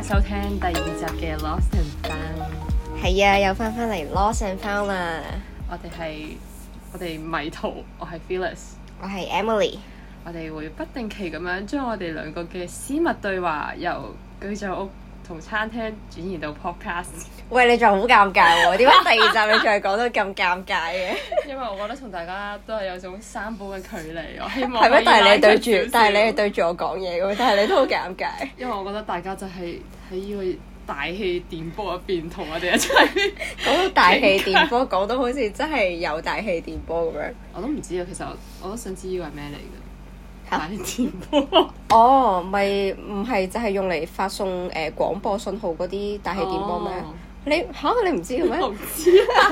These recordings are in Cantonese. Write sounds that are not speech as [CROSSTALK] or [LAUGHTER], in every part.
收聽第二集嘅 Lost and Found。係啊，又翻返嚟 Lost and Found 啦。我哋係我哋迷途，我係 Phyllis，我係 Emily。我哋會不定期咁樣將我哋兩個嘅私密對話由居酒屋，從餐廳轉移到 Podcast，喂，你仲好尷尬喎、哦！點解第二集你仲係講到咁尷尬嘅？ [LAUGHS] 因為我覺得同大家都係有種三寶嘅距離，我希望係咩？但係你對住，但係你係對住我講嘢嘅，但係你都好尷尬。因為我覺得大家就係喺呢個大氣電波入邊同我哋一齊講到 [LAUGHS] 大氣電波，講到 [LAUGHS] 好似真係有大氣電波咁樣。我都唔知啊，其實我，我都想知呢個係咩嚟嘅。大氣電波、 [LAUGHS] oh？哦，唔係就係用嚟發送誒、呃、廣播信號嗰啲大氣電波咩，oh？你嚇你唔知咩？我唔知啊！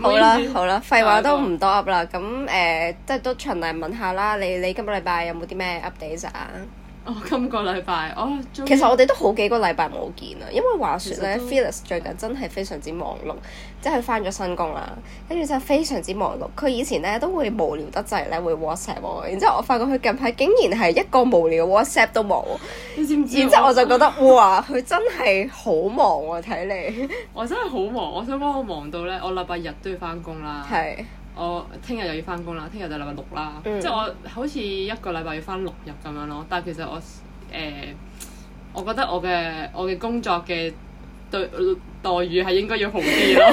好啦， [LAUGHS] 好，好，啦好啦，廢話都唔多噏啦。咁誒、 [LAUGHS] 呃，即係都循例問下啦。你你今個禮拜有冇啲咩 update 啊？哦，今個禮拜，哦，其實我哋都好幾個禮拜冇見啦，因為話說咧，Phyllis 最近真係非常之忙碌，即係翻咗新工啦，跟住就非常之忙碌。佢以前咧都會無聊得滯咧會 WhatsApp 我，然之後我發覺佢近排竟然係一個無聊嘅 WhatsApp 都冇，你知唔知？然之後我就覺得哇，佢真係好忙啊！睇你，我真係好忙， [LAUGHS] 我想講我忙到咧，我禮拜日都要翻工啦。係。我聽日又要返工啦，聽日就禮拜六啦，嗯、即係我好似一個禮拜要返六日咁樣咯。但係其實我誒、呃，我覺得我嘅我嘅工作嘅對。呃待遇係應該要好啲咯，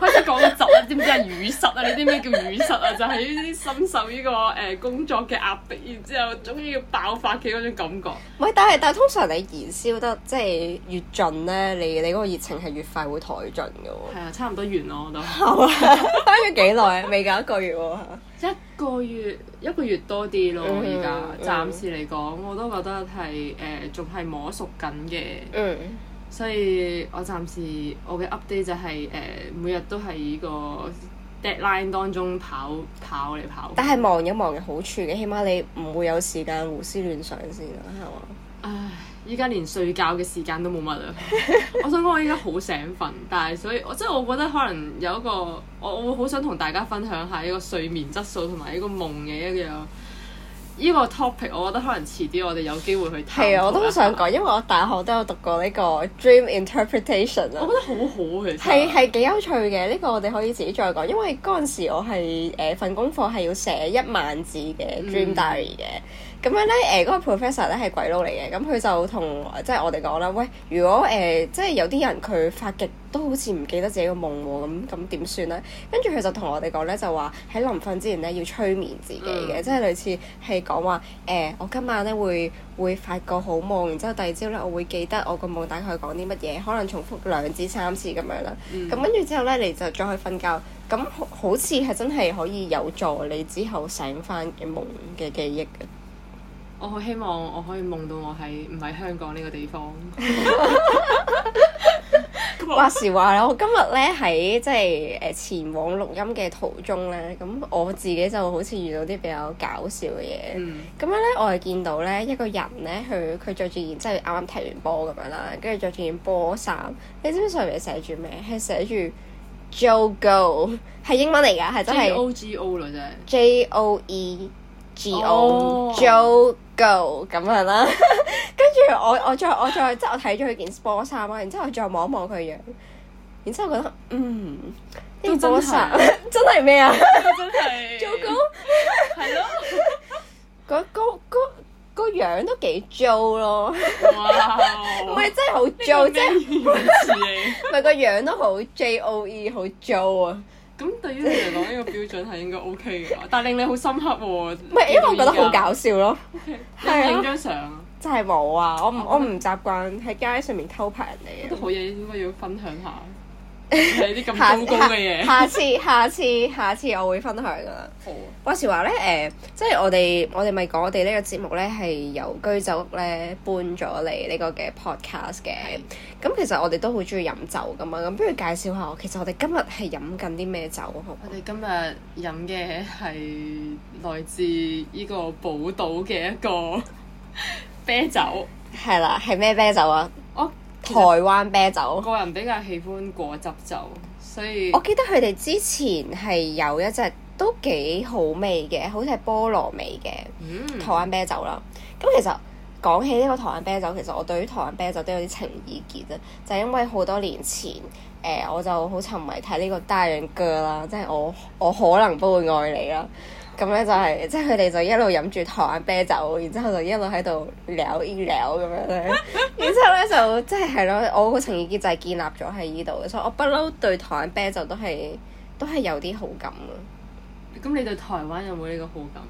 開始講個窒知唔知啊？雨濕啊，你知唔知叫雨濕啊？就係呢啲深受呢個誒工作嘅壓迫，然之後終於要爆發嘅嗰種感覺。喂，但係但係通常你燃燒得即係越盡咧，你你嗰個熱情係越快會抬盡嘅喎。係啊，差唔多完咯，我都。好啊。翻咗幾耐啊？未夠一個月喎。一個月，一個月多啲咯。而家暫時嚟講，我都覺得係誒，仲係摸熟緊嘅。嗯。所以我暫時我嘅 update 就係、係、誒、呃、每日都係依個 deadline 當中跑跑嚟跑。但係忙一忙嘅好處嘅，起碼你唔會有時間胡思亂想先，係嘛？唉，依家連睡覺嘅時間都冇乜啦。我想講，我依家好醒瞓，但係所以我即係我覺得可能有一個我我好想同大家分享一下依個睡眠質素同埋依個夢嘅一樣。呢個 topic 我覺得可能遲啲我哋有機會去睇。係啊，我都好想講，因為我大學都有讀過呢個 dream interpretation 啊。我覺得好好嘅，其實係係幾有趣嘅。呢、呢個我哋可以自己再講，因為嗰陣時我係誒、呃、份功課係要寫一萬字嘅 dream diary 嘅、嗯。咁樣咧，誒、那、嗰個 professor 咧係鬼佬嚟嘅，咁佢就同即係我哋講啦。喂，如果誒、呃、即係有啲人佢發極都好似唔記得自己個夢喎，咁咁點算咧？呢，跟住佢就同我哋講咧，就話喺臨瞓之前咧要催眠自己嘅，即係類似係講話誒，我今晚咧會會發個好夢，然之後第二朝咧我會記得我個夢大概講啲乜嘢，可能重複兩至三次咁樣啦。咁跟住之後咧，你就再去瞓覺，咁好似係真係可以有助你之後醒翻嘅夢嘅記憶。我好希望我可以夢到我喺唔係香港呢個地方。話時話，我今日咧喺即係誒前往錄音嘅途中咧，咁我自己就好似遇到啲比較搞笑嘅嘢。咁樣咧，我係見到咧一個人咧，佢佢著住件即係啱啱踢完波咁樣啦，跟住着住件波衫。你知唔知上面寫住咩？係寫住 Joe Go，係英文嚟㗎，係真係。O G O 啦，真 J O E。Joe Joe Go 咁樣啦， [LAUGHS] 跟住我我再我再即係我睇咗佢件 sport 衫啦。然之後我再望一望佢樣，然之後覺得嗯，sport 衫真係咩啊？真係，糟糕，係咯，個個個樣都幾 Joe 咯，唔係真係好 Joe，即係，唔係個樣都好 Joe，好 Joe 啊。咁對於你嚟講，呢、呢個標準係應該 OK 嘅， [LAUGHS] 但令你好深刻喎、啊。唔係，因為我覺得好搞笑咯。係啊，影張相真係冇啊！我唔、啊、我唔不習慣喺街上面偷拍人哋嘅。都好嘢，應該要分享下。你啲咁陰公嘅嘢。高高 [LAUGHS] 下次，下次，下次，我會分享噶喇。好啊、嗯。話時話咧，誒、呃，即係我哋，我哋咪講我哋呢個節目咧係由居酒屋咧搬咗嚟呢個嘅 podcast 嘅。咁的其實我哋都好中意飲酒噶嘛。咁不如介紹下，其實我哋今日係飲緊啲咩酒好？我哋今日飲嘅係來自呢個寶島嘅一個啤酒。係啦， [LAUGHS] 係咩啤酒啊？我。Oh. 台灣啤酒，個人比較喜歡果汁酒，所以我記得佢哋之前係有一隻都幾好味嘅，好似係菠蘿味嘅台灣啤酒啦。咁、嗯、其實講起呢個台灣啤酒，其實我對於台灣啤酒都有啲情意結啊，就係、是、因為好多年前，誒、呃、我就好沉迷睇呢、這個《大仁哥》啦，即、就、係、是、我我可能不會愛你啦。咁咧就係、是，即係佢哋就一路飲住台灣啤酒，然之後就一路喺度撩一撩咁樣咧，然之後咧 [LAUGHS] 就即係係咯，我個情意結就係建立咗喺呢度，所以我不嬲對台灣啤酒都係都係有啲好感咯。咁你對台灣有冇呢個好感？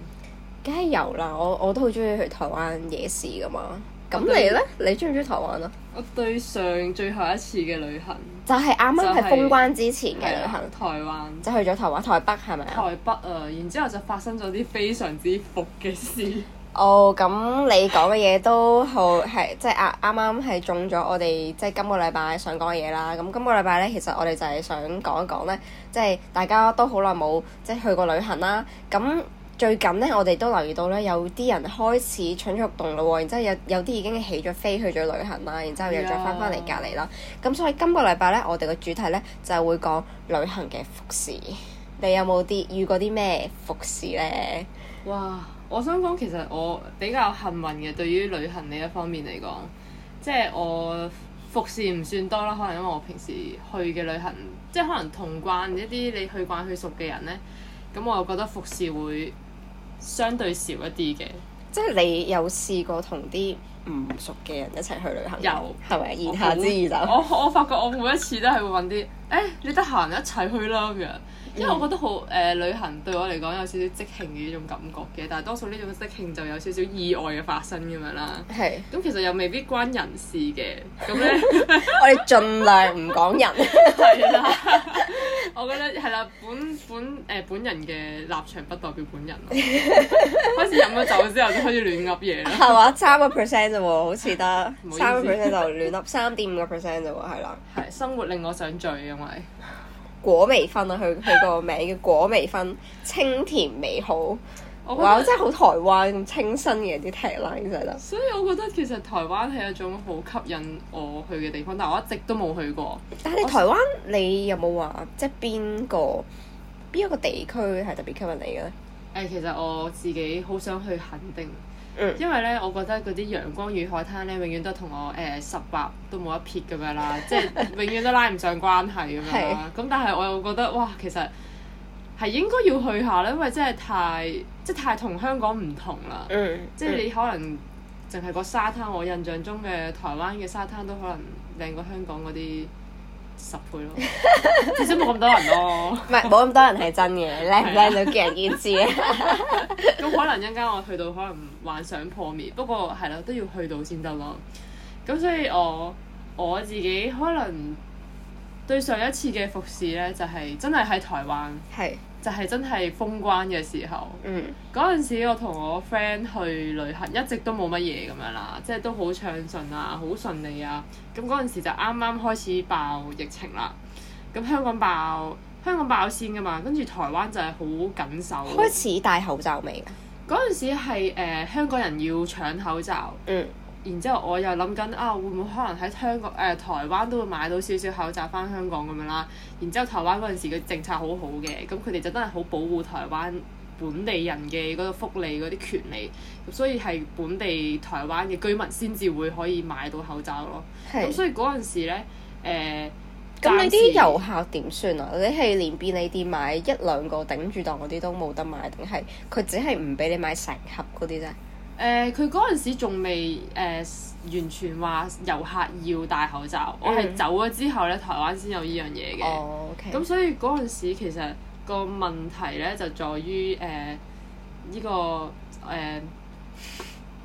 梗係有啦，我我都好中意去台灣夜市噶嘛。咁你咧，對你中唔中意台灣啊？我對上最後一次嘅旅行，就係啱啱係封關之前嘅旅行。台灣就去咗台灣台北，係咪啊？台北啊，然之後就發生咗啲非常之伏嘅事。哦，咁你講嘅嘢都好係，即係啱啱啱係中咗我哋即係今個禮拜想講嘅嘢啦。咁今個禮拜咧，其實我哋就係想講一講咧，即係大家都好耐冇即係去過旅行啦。咁最近咧，我哋都留意到咧，有啲人開始蠢蠢欲動咯喎，然之後有有啲已經起咗飛去咗旅行啦，然之後又再翻翻嚟隔離啦。咁 Yeah. 所以今個禮拜咧，我哋嘅主題咧就係會講旅行嘅伏事。你有冇啲遇過啲咩伏事咧？哇！我想講，其實我比較幸運嘅，對於旅行呢一方面嚟講，即係我伏事唔算多啦。可能因為我平時去嘅旅行，即係可能同慣一啲你去慣去熟嘅人咧，咁我又覺得伏事會相對少一啲嘅，即係你有試過同啲唔熟嘅人一齊去旅行，嗯？有係咪？言下之意就我不 [LAUGHS] 我，我發覺我每一次都係會搵啲，誒、欸、你得閒一齊去啦咁樣。因為我覺得好誒、呃、旅行對我嚟講有少少即興嘅呢種感覺嘅，但係多數呢種即興就有少少意外嘅發生咁樣啦。係是。咁其實又未必關人事嘅，咁咧 [LAUGHS] 我哋盡量唔講人。係 [LAUGHS] 啦，我覺得係啦，本本誒本、呃、本人嘅立場不代表本人。 [LAUGHS] [LAUGHS] 開始飲咗酒之後就可以， [LAUGHS] 啊、 [LAUGHS] 就開始亂噏嘢啦。係嘛，三個 percent 啫喎，好似得三個 percent 就亂噏三點五個 percent 啫喎，係啦。係生活令我想醉，因為。果味芬，啊，佢佢個名叫果味芬， [LAUGHS] 清甜美好，我覺得哇！真係好台灣咁清新嘅啲 tagline，其實得。所以我覺得其實台灣係一種好吸引我去嘅地方，但係我一直都冇去過。但係台灣，我你有冇話即係邊個？邊一個地區係特別吸引你嘅咧？誒、欸，其實我自己好想去墾丁。因為咧，我覺得嗰啲陽光與海灘咧，永遠都同我誒、呃、十八都冇一撇咁樣啦， [LAUGHS] 即係永遠都拉唔上關係咁樣啦。咁 [LAUGHS] 是但係我又覺得，哇，其實係應該要去下咧，因為真係太即係太同香港唔同啦。 [LAUGHS] 即係你可能淨係個沙灘，我印象中嘅台灣嘅沙灘都可能靚過香港嗰啲。十倍咯，至少冇咁多人咯。唔係冇咁多人係真嘅，靚唔靚女見人見智。咁 [LAUGHS] [LAUGHS] 可能一陣間我去到可能幻想破滅，不過係咯都要去到先得咯。咁所以我我自己可能。最上一次嘅伏事呢，就係、是、真係喺台灣，是就係真係封關嘅時候。嗯，嗰陣時我同我 friend 去旅行，一直都冇乜嘢咁樣啦，即係都好暢順啊，好順利啊。咁嗰陣時就啱啱開始爆疫情啦。咁香港爆，香港爆先㗎嘛，跟住台灣就係好緊守。開始戴口罩未？嗰陣時係、呃、香港人要搶口罩。嗯。然之後，我又諗緊啊，會唔會可能喺香港誒、呃、台灣都會買到少少口罩翻香港咁樣啦？然之後台灣嗰陣時嘅政策好好嘅，咁佢哋就真係好保護台灣本地人嘅嗰個福利嗰啲權利，所以係本地台灣嘅居民先至會可以買到口罩咯。咁是所以嗰陣時咧，咁、呃、你啲遊客點算啊？你係連便利店買一兩個頂住檔嗰啲都冇得買，定係佢只係唔俾你買成盒嗰啲啫？誒，佢嗰陣時仲未誒完全話遊客要戴口罩，mm hmm. 我係走咗之後咧，台灣先有呢樣嘢嘅。咁、oh, okay. 所以嗰陣時其實個問題咧就在於誒呢、呃這個誒、呃、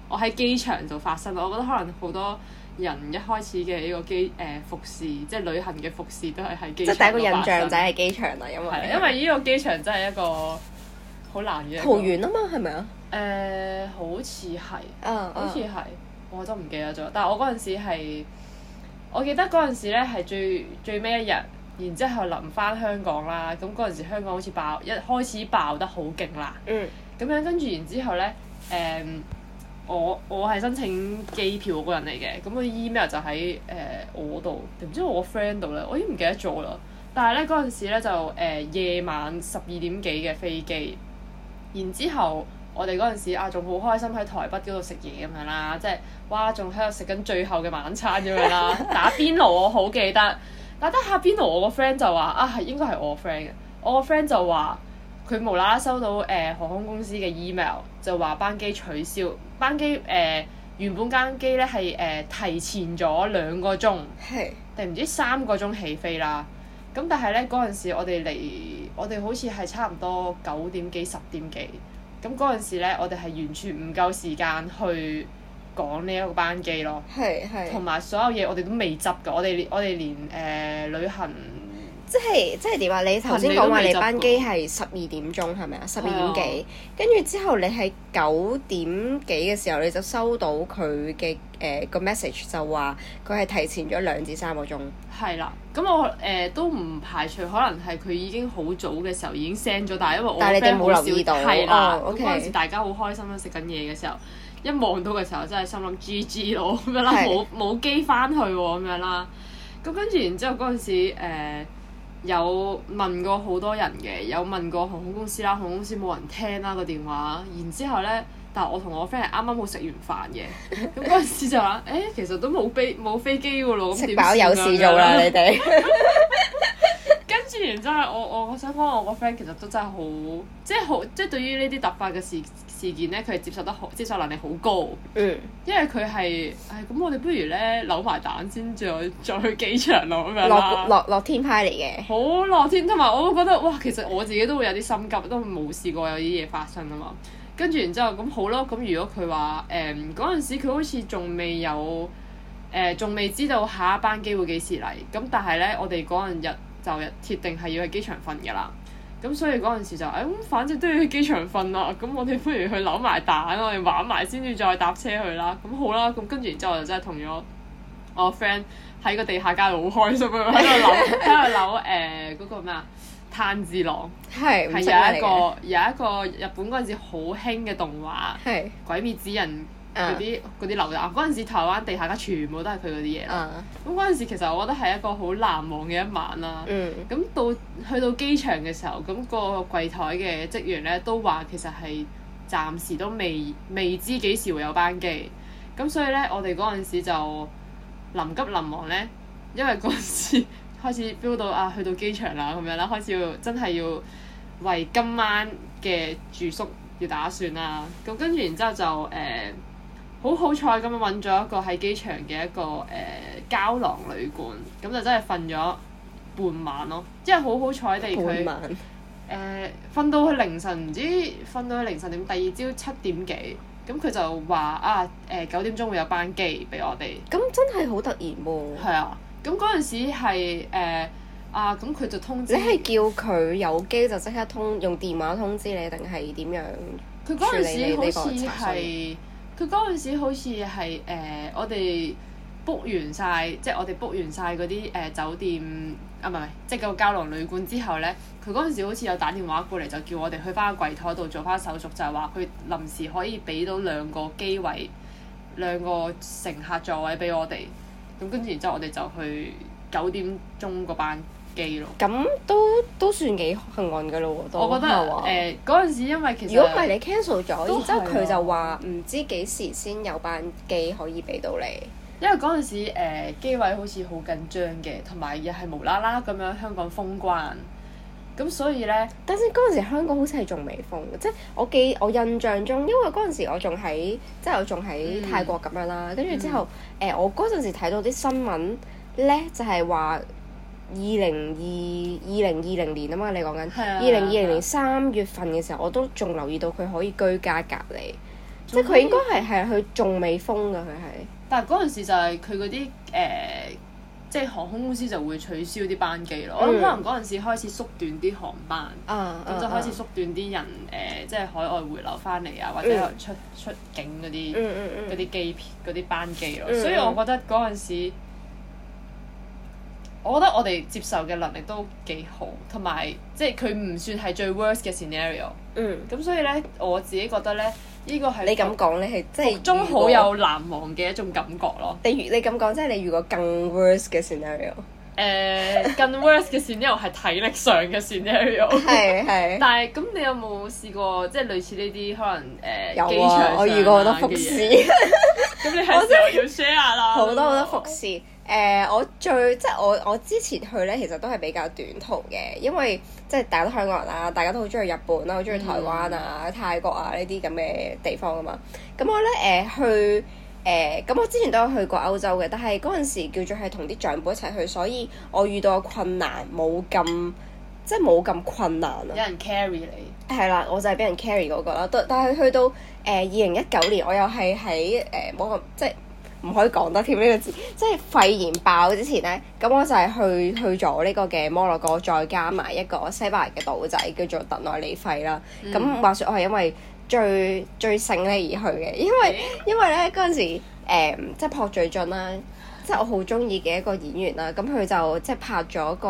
我喺機場就發生，我覺得可能好多人一開始嘅呢個機誒、呃、伏事，即係旅行嘅伏事，都係喺機場發 [LAUGHS] 第一個印象就係機場啦，對因為係因為呢個機場真係一個好難嘅桃園啊嘛，係咪啊？誒、uh, 好似係，uh, uh. 好似係，我都唔記得咗。但係我嗰陣時係，我記得嗰陣時咧係最最尾一日，然之後臨翻香港啦。咁嗰陣時香港好似爆一開始爆得好勁啦。咁、mm. 樣跟住，然之後咧誒、嗯，我我係申請機票嗰、那個人嚟嘅，咁個 email 就喺誒我度，點知我 friend 度咧？我已經唔記得咗啦。但係咧嗰陣時咧就誒、呃、夜晚十二點幾嘅飛機，然之後。我哋嗰陣時啊，仲好開心喺台北嗰度食嘢咁樣啦，即係哇，仲喺度食緊最後嘅晚餐咁樣啦。 [LAUGHS] 打邊爐我好記得，打得下邊爐我個 friend 就話啊，係應該係我 friend 嘅。我個 friend 就話佢無啦啦收到誒、呃、航空公司嘅 email，就話班機取消，班機誒、呃、原本間機咧係誒提前咗兩個鐘，定唔是知三個鐘起飛啦。咁但係咧嗰陣時我，我哋嚟我哋好似係差唔多九點幾十點幾。咁嗰陣時呢，我哋係完全唔夠時間去講呢一個班機咯。係，係，同埋所有嘢我哋都未執㗎，我哋我哋連誒、呃、旅行。即係即係點話！你頭先講話你班機係十二點鐘係咪啊？十二點幾，跟住之後你喺九點幾嘅時候，你就收到佢嘅誒個 message 就話佢係提前咗兩至三個鐘。係啦，咁我誒、呃、都唔排除可能係佢已經好早嘅時候已經 send 咗，但係因為我但係你哋冇留意到。係啦。咁嗰陣時了 okay 大家好開心咧，食緊嘢嘅時候，一望到嘅時候真係心諗 GG 咯咁對、啊、樣啦，冇冇機翻去喎咁樣啦。咁跟住然之後嗰陣時有問過好多人嘅，有問過航空公司啦，航空公司冇人聽啦、個電話。然之後呢，但係我同我 friend 係啱啱好食完飯嘅，咁嗰陣時就話，誒、欸，其實都冇飛冇飛機喎，咁食飽有事做啦，你哋。 [LAUGHS] [LAUGHS] 跟住然之後，我我我想講，我個 friend 其實都真係好，即係好即係對於呢啲突發嘅事事件咧，佢係接受得好，接受能力好高。嗯。因為佢係唉，咁、哎、我哋不如咧，扭埋蛋先，再再去機場咯，咁樣落落落，落天派嚟嘅。好落天，同埋我都覺得哇，其實我自己都會有啲心急，都冇試過有啲嘢發生啊嘛。跟住然之後咁好咯，咁如果佢話誒嗰陣時佢好似仲未有誒，仲、呃、未知道下一班機會幾時嚟咁，但係咧我哋嗰陣日。就日鐵定係要去機場瞓噶啦，咁所以嗰陣時就誒，咁、哎、反正都要去機場瞓啦，咁我哋不如去扭埋蛋，我哋玩埋先至再搭車去啦，咁好啦，咁跟住然之後就真係同咗我 friend 喺個地下街度好開心喺度 [LAUGHS] 扭，喺度扭誒嗰、呃嗰個咩啊，炭治郎係係有一個有一個日本嗰陣時好興嘅動畫係 [LAUGHS] 鬼滅之刃。嗰啲嗰啲流啊！嗰陣、uh, 時台灣地下街全部都係佢嗰啲嘢。咁嗰陣時其實我覺得係一個好難忘嘅一晚啦。咁、mm. 到去到機場嘅時候，咁、個櫃枱嘅職員咧都話其實係暫時都未未知幾時會有班機。咁所以咧，我哋嗰陣時就臨急臨忙咧，因為嗰陣時開始 feel 到啊，去到機場啦咁樣啦，開始要真係要為今晚嘅住宿要打算啦。咁跟住然之後就誒。欸好好彩咁啊！揾咗一個喺機場嘅一個誒、呃、膠囊旅館，咁就真係瞓咗半晚咯。即係好好彩，地佢誒瞓到去凌晨唔知瞓到去凌晨點。第二朝七點幾，咁佢就話啊誒、呃、九點鐘會有班機俾我哋。咁真係好突然喎！係啊，咁嗰陣時係啊，咁佢、呃啊、就通知你係叫佢有機就即刻通用電話通知你，定係點樣處理呢個查詢？佢嗰陣時好似係誒，我哋 book 完晒，即係我哋 book 完晒嗰啲誒酒店啊，唔係，即係個膠囊旅館之後咧，佢嗰陣時好似有打電話過嚟，就叫我哋去返個櫃枱度做返手續，就係話佢臨時可以俾到兩個機位、兩個乘客座位俾我哋，咁跟住然之後我哋就去九點鐘嗰班。咁都都算幾幸運嘅咯我覺得，話誒嗰時，因為其實如果唔係你 cancel 咗，然即係佢就話唔知幾時先有班機可以俾到你。因為嗰陣時誒、呃、機位好似好緊張嘅，同埋又係無啦啦咁樣香港封關。咁所以咧，但係嗰陣時香港好似係仲未封，即係我記我印象中，因為嗰陣時我仲喺即係我仲喺泰國咁樣啦。跟住、嗯、之後誒、嗯呃，我嗰陣時睇到啲新聞咧，就係話。二零二二零二零年啊嘛，你講緊二零二零年三月份嘅時候，我都仲留意到佢可以居家隔離，即係佢應該係係佢仲未封㗎佢係。但係嗰陣時就係佢嗰啲誒，即、呃、係、就係、航空公司就會取消啲班機咯。嗯、我諗可能嗰陣時開始縮短啲航班，咁、嗯嗯、就開始縮短啲人誒，即、呃、係、就係、海外回流翻嚟啊，或者出、嗯、出境嗰啲啲機票嗰啲班機咯、嗯。所以我覺得嗰陣時。我覺得我哋接受嘅能力都幾好，同埋即係佢唔算係最 worse 嘅 scenario。嗯。咁所以咧，我自己覺得咧，呢個係你咁講咧，係即係中好有難忘嘅一種感覺咯你。你如你咁講，即係你如果更 worse 嘅 scenario？誒，uh, 更 worse 嘅 scenario 係體力上嘅 scenario。係 [LAUGHS] 係。 [LAUGHS] 但係咁，你有冇試過即係類似呢啲，可能誒、呃啊、機場上我遇過好多服侍。咁你係時候要 share 啦。好多好多服侍。誒，uh, 我最即係我我之前去咧，其實都係比較短途嘅，因為即係大家都香港人啦、啊，大家都好中意日本啦、啊，好中意台灣啊、嗯、泰國啊呢啲咁嘅地方啊嘛。咁我咧誒、呃、去誒，咁、呃、我之前都有去過歐洲嘅，但係嗰陣時叫做係同啲長輩一齊去，所以我遇到嘅困難冇咁即係冇咁困難啊。有人 carry 你係啦，我就係俾人 carry 嗰個啦。但但係去到誒二零一九年，我又係喺誒冇咁即係。唔可以講得添呢個字，即係肺炎爆之前呢。咁我就係去去咗呢個嘅摩洛哥，再加埋一個西班牙嘅島仔叫做特內里費啦。咁、嗯、話說我係因為最最性咧而去嘅，因為因為咧嗰陣時即係朴敘俊啦，即係我好中意嘅一個演員啦。咁佢就即係拍咗一個誒、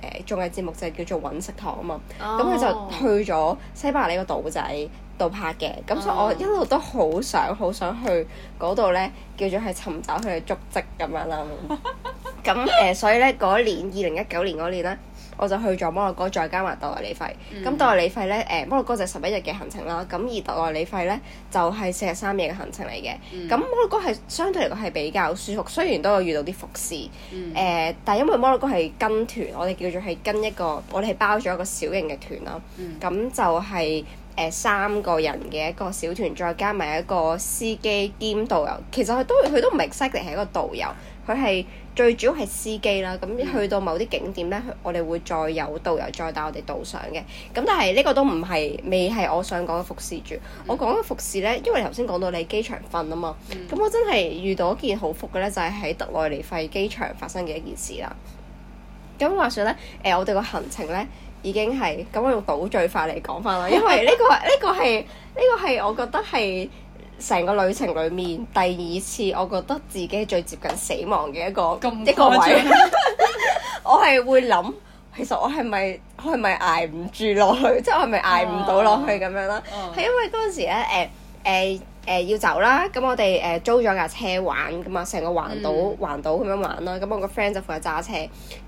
呃、綜藝節目，就係叫做尹食堂啊嘛。咁佢、哦、就去咗西班牙呢個島仔。度拍嘅，咁所以我一路都好想好、oh. 想去嗰度呢，叫做係尋找佢嘅足跡咁樣啦。咁誒、 [LAUGHS] 呃，所以呢，嗰年二零一九年嗰年呢，我就去咗摩洛哥，再加埋代理費。咁代理費呢，誒摩洛哥就十一日嘅行程啦。咁而代理費呢，就係四十三日嘅行程嚟嘅。咁、mm. 摩洛哥係相對嚟講係比較舒服，雖然都有遇到啲伏事。誒、mm. 呃，但因為摩洛哥係跟團，我哋叫做係跟一個，我哋係包咗一個小型嘅團啦。咁就係。誒三個人嘅一個小團，再加埋一個司機兼導遊。其實佢都佢都唔係 exactly，係一個導遊。佢係最主要係司機啦。咁去到某啲景點咧，我哋會再有導遊再帶我哋導賞嘅。咁但係呢個都唔係未係我想講嘅伏事住。我講嘅伏事咧，因為頭先講到你機場瞓啊嘛。咁我真係遇到一件好伏嘅咧，就係喺特內尼費機場發生嘅一件事啦。咁話說咧，誒我哋個行程咧。已經係咁，我用倒敍法嚟講翻啦，因為呢個呢 [LAUGHS] 個係呢、這個呢個係我覺得係成個旅程裡面第二次，我覺得自己最接近死亡嘅一個一個位置。 [LAUGHS] 我係會諗，其實我係咪我係咪捱唔住落去？Oh. 即係我係咪捱唔到落去咁樣啦？係、oh. oh. 因為嗰陣時咧，誒誒誒要走啦，咁我哋誒、呃、租咗架車玩噶嘛，成個環島、mm. 環島咁樣玩啦。咁我個 friend 就負責揸車，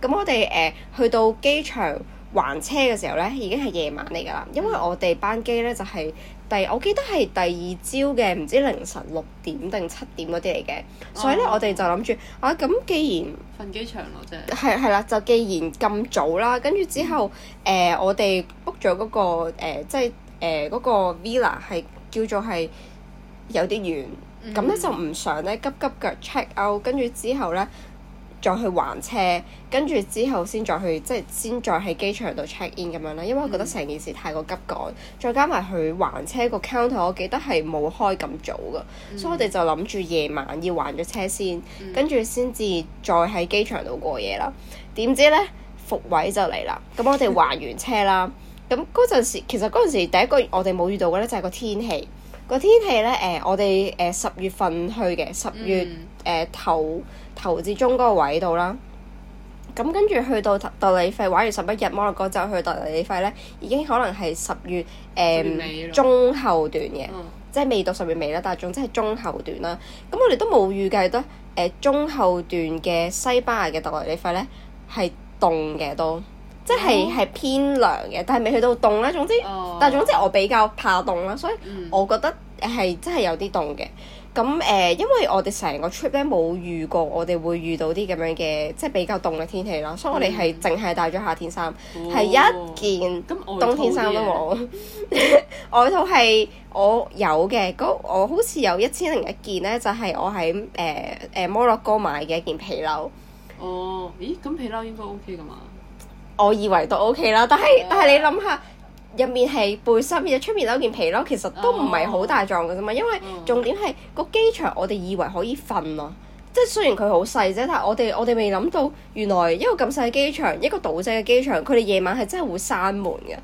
咁我哋誒、呃、去到機場。還車嘅時候呢，已經係夜晚嚟㗎啦，因為我哋班機呢，就係、係、第，我記得係第二朝嘅，唔知凌晨六點定七點嗰啲嚟嘅，哦、所以呢，我哋就諗住啊，咁既然瞓機場咯啫，係係啦，就既然咁早啦，跟住之後，誒、嗯呃、我哋 book 咗嗰個、呃、即係誒嗰個 villa 係叫做係有啲遠，咁呢、嗯、就唔想呢急急腳 check out，跟住之後呢，再去還車，跟住之後先再去即係先再喺機場度 check in 咁樣啦，因為我覺得成件事太過急趕，嗯、再加埋佢還車個 counter，我記得係冇開咁早噶，嗯、所以我哋就諗住夜晚要還咗車先，跟住先至再喺機場度過夜啦。點、嗯、知咧，伏位就嚟啦，咁我哋還完車啦，咁嗰陣時其實嗰陣時第一個我哋冇遇到嘅咧就係個天氣。個天氣咧，誒、呃，我哋誒、呃、十月份去嘅，十月誒、呃、頭頭至中嗰個位度啦。咁跟住去到特特里費玩完十一日摩洛哥之後去特里費咧，已經可能係十月誒、呃、中後段嘅，即係未到十月尾啦，但係總之係中後段啦。咁我哋都冇預計得誒中後段嘅西班牙嘅特里費咧係凍嘅都。即係係偏涼嘅，但係未去到凍啦。總之，oh. 但係總之我比較怕凍啦，所以我覺得係真係有啲凍嘅。咁誒、mm.，因為我哋成個 trip 咧冇遇過，我哋會遇到啲咁樣嘅即係比較凍嘅天氣啦。所以我哋係淨係帶咗夏天衫，係、oh. 一件冬天衫都冇。嗯、 [LAUGHS] 外套係我有嘅，我好似有一千零一件咧，就係我喺誒誒摩洛哥買嘅一件皮褸。哦，oh. 咦？咁皮褸應該 OK 㗎嘛？我以為都 OK 啦，但係 Yeah. 但係你諗下入面係背心，入出面有件皮咯，其實都唔係好大狀嘅啫嘛。因為重點係個機場，我哋以為可以瞓啊，即係雖然佢好細啫，但係我哋我哋未諗到原來一個咁細機場，一個島仔嘅機場，佢哋夜晚係真係會閂門嘅。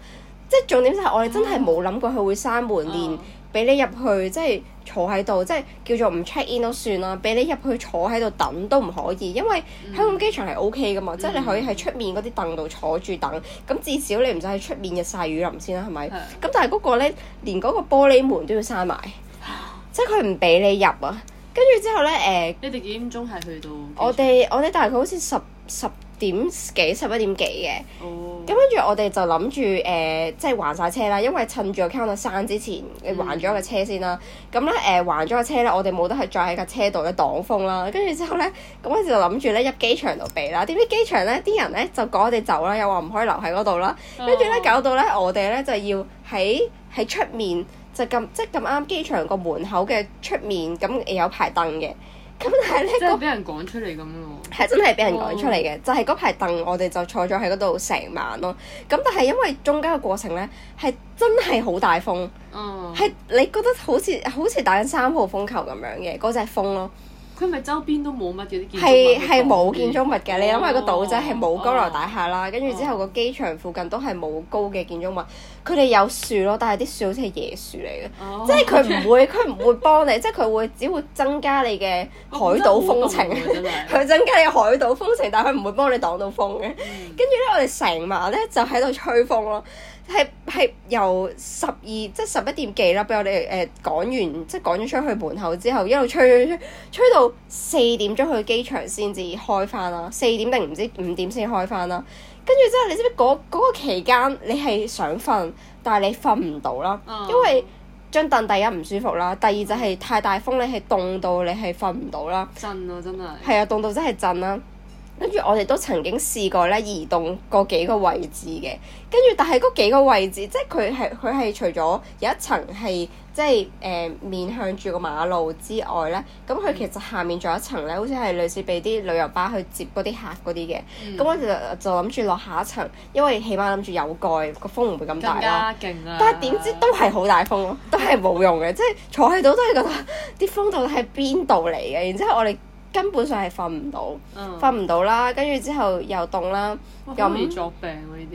即係重點就係我哋真係冇諗過佢會閂門 Yeah. 連。俾你入去即係坐喺度，即係叫做唔 check in 都算啦。俾你入去坐喺度等都唔可以，因為香港機場係 O K 噶嘛，嗯、即係你可以喺出面嗰啲凳度坐住等。咁、嗯、至少你唔使喺出面嘅曬雨淋先啦，係咪？咁是的 但係嗰個咧，連嗰個玻璃門都要閂埋，即係佢唔俾你入啊。跟住之後咧，誒、呃，你哋幾點鐘係去到我？我哋我哋大概好似十十點幾，十一點幾嘅。哦。咁跟住我哋就諗住誒，即係還晒車啦，因為趁住我 count 到三之前，你還咗個車先啦。咁咧誒，還咗個車咧，我哋冇得係再喺架車度嘅擋風啦。跟住之後咧，咁我就諗住咧入機場度避啦。點知機場咧啲人咧就趕我哋走啦，又話唔可以留喺嗰度啦。哦、跟住咧搞到咧我哋咧就要喺喺出面就咁即係咁啱機場個門口嘅出面咁有排燈嘅。咁但係咧，即係俾人趕出嚟咁咯。係真係俾人趕出嚟嘅，oh. 就係嗰排凳，我哋就坐咗喺嗰度成晚咯。咁但係因為中間嘅過程咧，係真係好大風，係、oh. 你覺得好似好似打緊三號風球咁樣嘅嗰隻風咯。佢咪周邊都冇乜嗰啲建築物，係係冇建築物嘅。你諗下個島仔係冇高樓大廈啦，哦、跟住之後個機場附近都係冇高嘅建築物。佢哋有樹咯，但係啲樹好似係椰樹嚟嘅，哦、即係佢唔會佢唔會幫你，即係佢會只會增加你嘅海島風情，佢增加你海島風情，但係佢唔會幫你擋到風嘅。嗯、跟住咧，我哋成晚咧就喺度吹風咯。係係由十二即係十一點幾啦，俾我哋誒、呃、趕完，即係趕咗出去門口之後，一路吹吹吹吹到四點鐘去機場先至開翻啦。四點定唔知五點先開翻啦。跟住之後，你知唔知嗰個期間你係想瞓，但係你瞓唔到啦，哦、因為張凳第一唔舒服啦，第二就係太大風，你係凍到你係瞓唔到啦。震囉啊！真係係啊，凍到真係震啦～跟住我哋都曾經試過咧移動嗰幾個位置嘅，跟住但係嗰幾個位置，即係佢係佢係除咗有一層係即係誒、呃、面向住個馬路之外咧，咁佢其實下面仲有一層咧，好似係類似俾啲旅遊巴去接嗰啲客嗰啲嘅。咁、嗯、我其實就諗住落下一層，因為起碼諗住有蓋，個風唔會咁大咯。更加勁啦！但係點知都係好大風， [LAUGHS] 都係冇用嘅，即係坐喺度都係覺得啲風到底係邊度嚟嘅，然之後我哋。根本上係瞓唔到，瞓唔到啦。跟住之後又凍啦，又易作病呢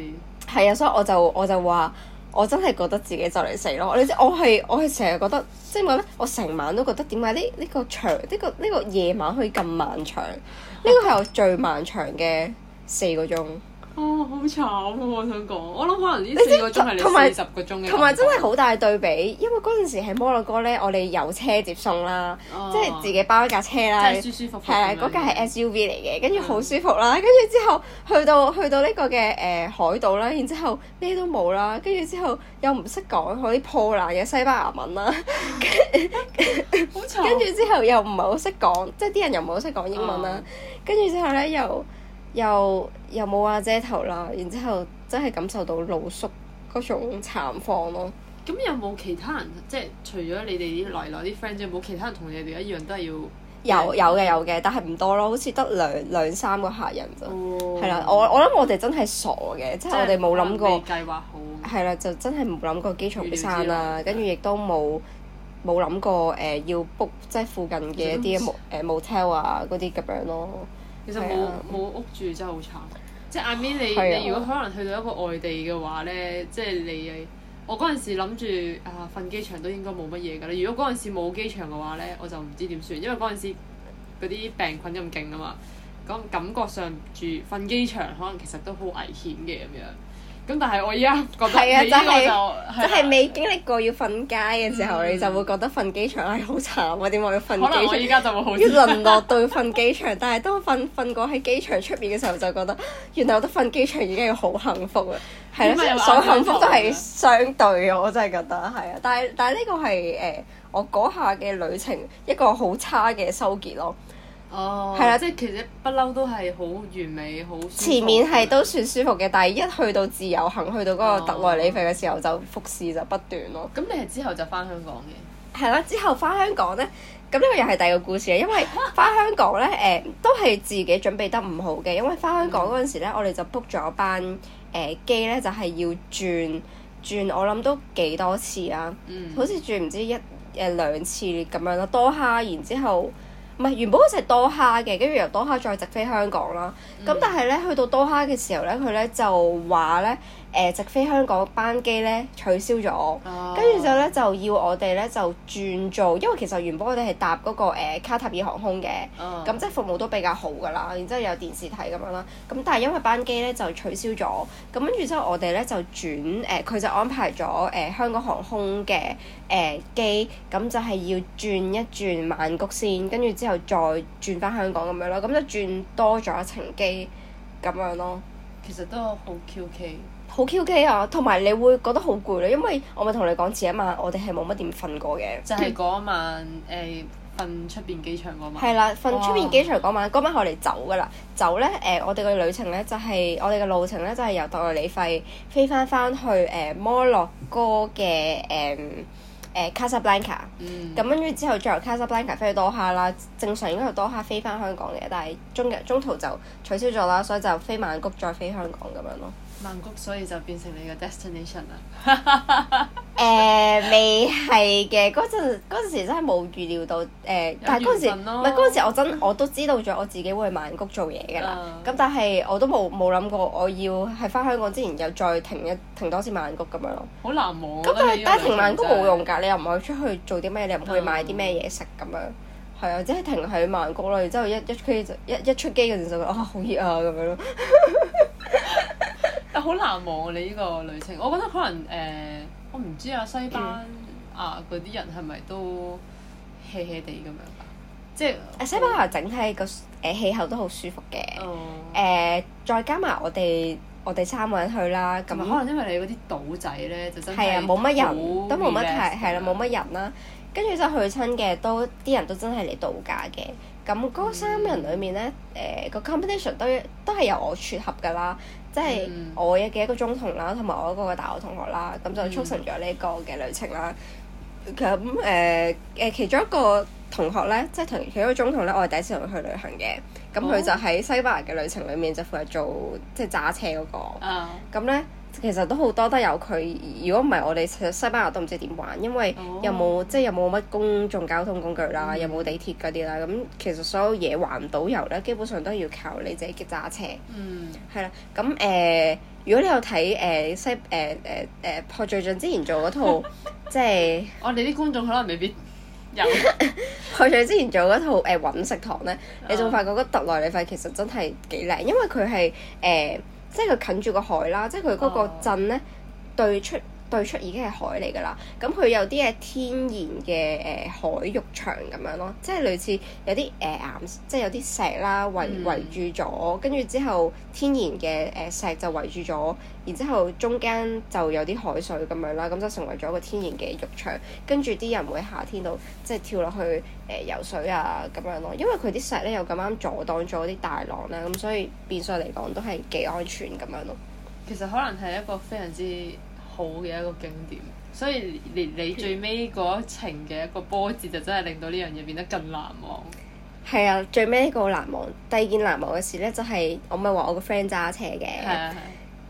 啲係啊，所以我就我就話，我真係覺得自己就嚟死咯。你知我係我係成日覺得，即係點解我成晚都覺得點解呢？呢個長，呢個呢個夜晚可以咁漫長，呢個係我最漫長嘅四個鐘。哦，好慘啊！我想講，我諗可能呢四個鐘係你四十個鐘嘅。同埋真係好大對比，因為嗰陣時係摩洛哥咧，我哋有車接送啦，啊、即係自己包一架車啦，舒舒服服、係啊，嗰架係 SUV 嚟嘅，跟住好舒服啦。跟住之後去到去到呢個嘅誒、呃、海島啦，然之後咩都冇啦，跟住之後又唔識講嗰啲破爛嘅西班牙文啦，跟住、啊、 [LAUGHS] 之後又唔係好識講，即係啲人又唔係好識講英文啦，跟住、嗯嗯、之後咧又，又，啊、又。又又冇阿姐頭啦，然之後真係感受到露宿嗰種慘況咯。咁有冇其他人即係除咗你哋啲來來啲 friend 之冇其他人同你哋一樣都係要？有有嘅，有嘅，但係唔多咯，好似得兩兩三個客人咋。哦。係啦，我我諗我哋真係傻嘅，即係的我哋冇諗過。計劃好。係啦，就真係冇諗過機場會閂啦，跟住亦都冇冇諗過誒要 book 即係附近嘅一啲誒 motel 啊嗰啲咁樣咯。其實冇冇 Yeah. 屋住真係好慘，即係 I mean, 你你如果可能去到一個外地嘅話咧，即係 [LAUGHS] 你我嗰陣時諗住啊瞓機場都應該冇乜嘢㗎啦。如果嗰陣時冇機場嘅話咧，我就唔知點算，因為嗰陣時嗰啲病菌咁勁啊嘛。咁感覺上住瞓機場可能其實都好危險嘅咁樣。咁但係我依家覺得，呢 [NOISE] 啊樂，就就係未經歷過要瞓街嘅時候，嗯、你就會覺得瞓機場係好慘啊！點解、嗯、要瞓機場？可能我依家就會好。 [LAUGHS] 要淪落到瞓機場， [LAUGHS] 但係當瞓瞓過喺機場出面嘅時候，就覺得原來我得瞓機場已經係好幸福啊！係咯，所幸福都係相對嘅，我真係覺得係啊。但係但係呢個係誒、呃、我嗰下嘅旅程一個好差嘅收結咯。嗯哦，係啦、oh, 了，即係其實不嬲都係好完美，好前面係都算舒服嘅，但係一去到自由行，去到嗰個特內里費嘅時候，oh. 就伏事就不斷咯。咁你係之後就返香港嘅？係啦，之後返香港咧，咁呢個又係第二個故事啊。因為返香港咧，誒、 [LAUGHS] 呃、都係自己準備得唔好嘅，因為返香港嗰陣時咧，嗯、我哋就 book 咗班誒、呃、機咧，就係、是、要轉轉，我諗都幾多次啊，嗯、好似轉唔知一誒兩次咁樣咯，多哈。然，後然，後然後之後。唔係原本一齊多哈嘅，跟住由多哈再直飛香港啦。咁、嗯、但係咧，去到多哈嘅時候咧，佢咧就話咧。誒、呃、直飛香港班機咧取消咗，跟住之後咧就要我哋咧就轉做，因為其實原本我哋係搭嗰、那個、呃、卡塔爾航空嘅，咁即係服務都比較好㗎喇。然之後有電視睇咁樣啦，咁但係因為班機咧就取消咗，咁跟住之後我哋咧就轉誒，佢、呃、就安排咗誒、呃、香港航空嘅誒、呃、機，咁就係要轉一轉曼谷先，跟住之後再轉返香港咁樣，樣咯。咁就轉多咗一程機咁樣咯。其實都好 QK。好 Q K 啊，同埋你會覺得好攰咧，因為我咪同你講前一晚我哋係冇乜點瞓過嘅，就係嗰晚誒瞓出邊機場嗰晚係啦，瞓出邊機場嗰晚嗰晚後嚟走噶啦，走咧誒，我哋嘅旅程咧就係我哋嘅路程咧就係、是、由迪理費飛翻翻去誒、呃、摩洛哥嘅誒誒、嗯呃、Casablanca，咁跟住、嗯、之後再由 Casablanca 飛去多哈啦。正常應該係多哈飛翻香港嘅，但係中日中途就取消咗啦，所以就飛曼谷再飛香港咁樣咯。曼谷，所以就變成你個 destination 啦、 [LAUGHS] uh。誒，未係嘅。嗰陣嗰時真係冇預料到誒，呃啊、但係嗰陣時唔係嗰陣時，時我真我都知道咗我自己會去曼谷做嘢㗎啦。咁、uh. 但係我都冇冇諗過我要喺翻香港之前又再停一停多次曼谷咁樣咯。好難忘、啊。咁就但係，但係停曼谷冇用㗎，你又唔可以出去做啲咩，uh. 你又唔可以買啲咩嘢食咁樣。係啊，即、就、係、是、停喺曼谷咯，然之後一一出一一,一出機嗰陣就啊好熱啊咁樣咯。 [LAUGHS] 好難忘啊！你呢個旅程，我覺得可能誒、呃，我唔知啊。西班牙嗰啲人係咪都 hea hea 地咁樣？即係西班牙整體個誒、呃、氣候都好舒服嘅。誒、哦呃，再加埋我哋我哋三個人去啦。咁、嗯、可能因為你嗰啲島仔咧，就真係冇乜人都冇乜係啦，冇乜、啊、人啦、啊。跟住就去親嘅都啲人，人都真係嚟度假嘅。咁嗰三人裡面咧，誒個 competition 都都係由我撮合㗎啦。嗯嗯即係、嗯、我有幾一個中同啦，同埋我嗰個大學同學啦，咁就促成咗呢個嘅旅程啦。咁誒誒，其中一個同學咧，即係同其中一個中同咧，我係第一次同佢去旅行嘅。咁佢就喺西班牙嘅旅程裏面就，就負責做即係揸車嗰、嗰個。啊、哦，咁咧。其實都好多都有佢，如果唔係我哋，西班牙都唔知點玩，因為又冇、oh. 即係又冇乜公眾交通工具啦，又冇、mm. 地鐵嗰啲啦。咁其實所有嘢環島遊咧，基本上都要靠你自己嘅揸車。嗯、mm.，係啦。咁、呃、誒，如果你有睇誒、呃、西誒誒誒破賊將之前做嗰套，即係我哋啲觀眾可能未必有。 [LAUGHS] [LAUGHS] 破賊將之前做嗰套誒揾、呃、食堂咧，oh. 你仲會發覺個特內里費其實真係幾靚，因為佢係誒。呃即係佢近住個海啦，即係佢嗰個鎮咧、oh. 對出。對出已經係海嚟㗎啦，咁佢有啲係天然嘅誒、呃、海浴場咁樣咯，即係類似有啲誒岩，即係有啲石啦圍圍住咗，跟住之後天然嘅誒、呃、石就圍住咗，然之後中間就有啲海水咁樣啦，咁就成為咗個天然嘅浴場。跟住啲人會夏天到即係跳落去誒、呃、游水啊咁樣咯，因為佢啲石咧又咁啱阻擋咗啲大浪啦，咁、嗯、所以變相嚟講都係幾安全咁樣咯。其實可能係一個非常之～好嘅一個景點，所以連你最尾嗰一程嘅一個波折就真係令到呢樣嘢變得更難忘。係啊，最尾一個難忘，第二件難忘嘅事呢，就係、是、我咪話我個 friend 揸車嘅，咁的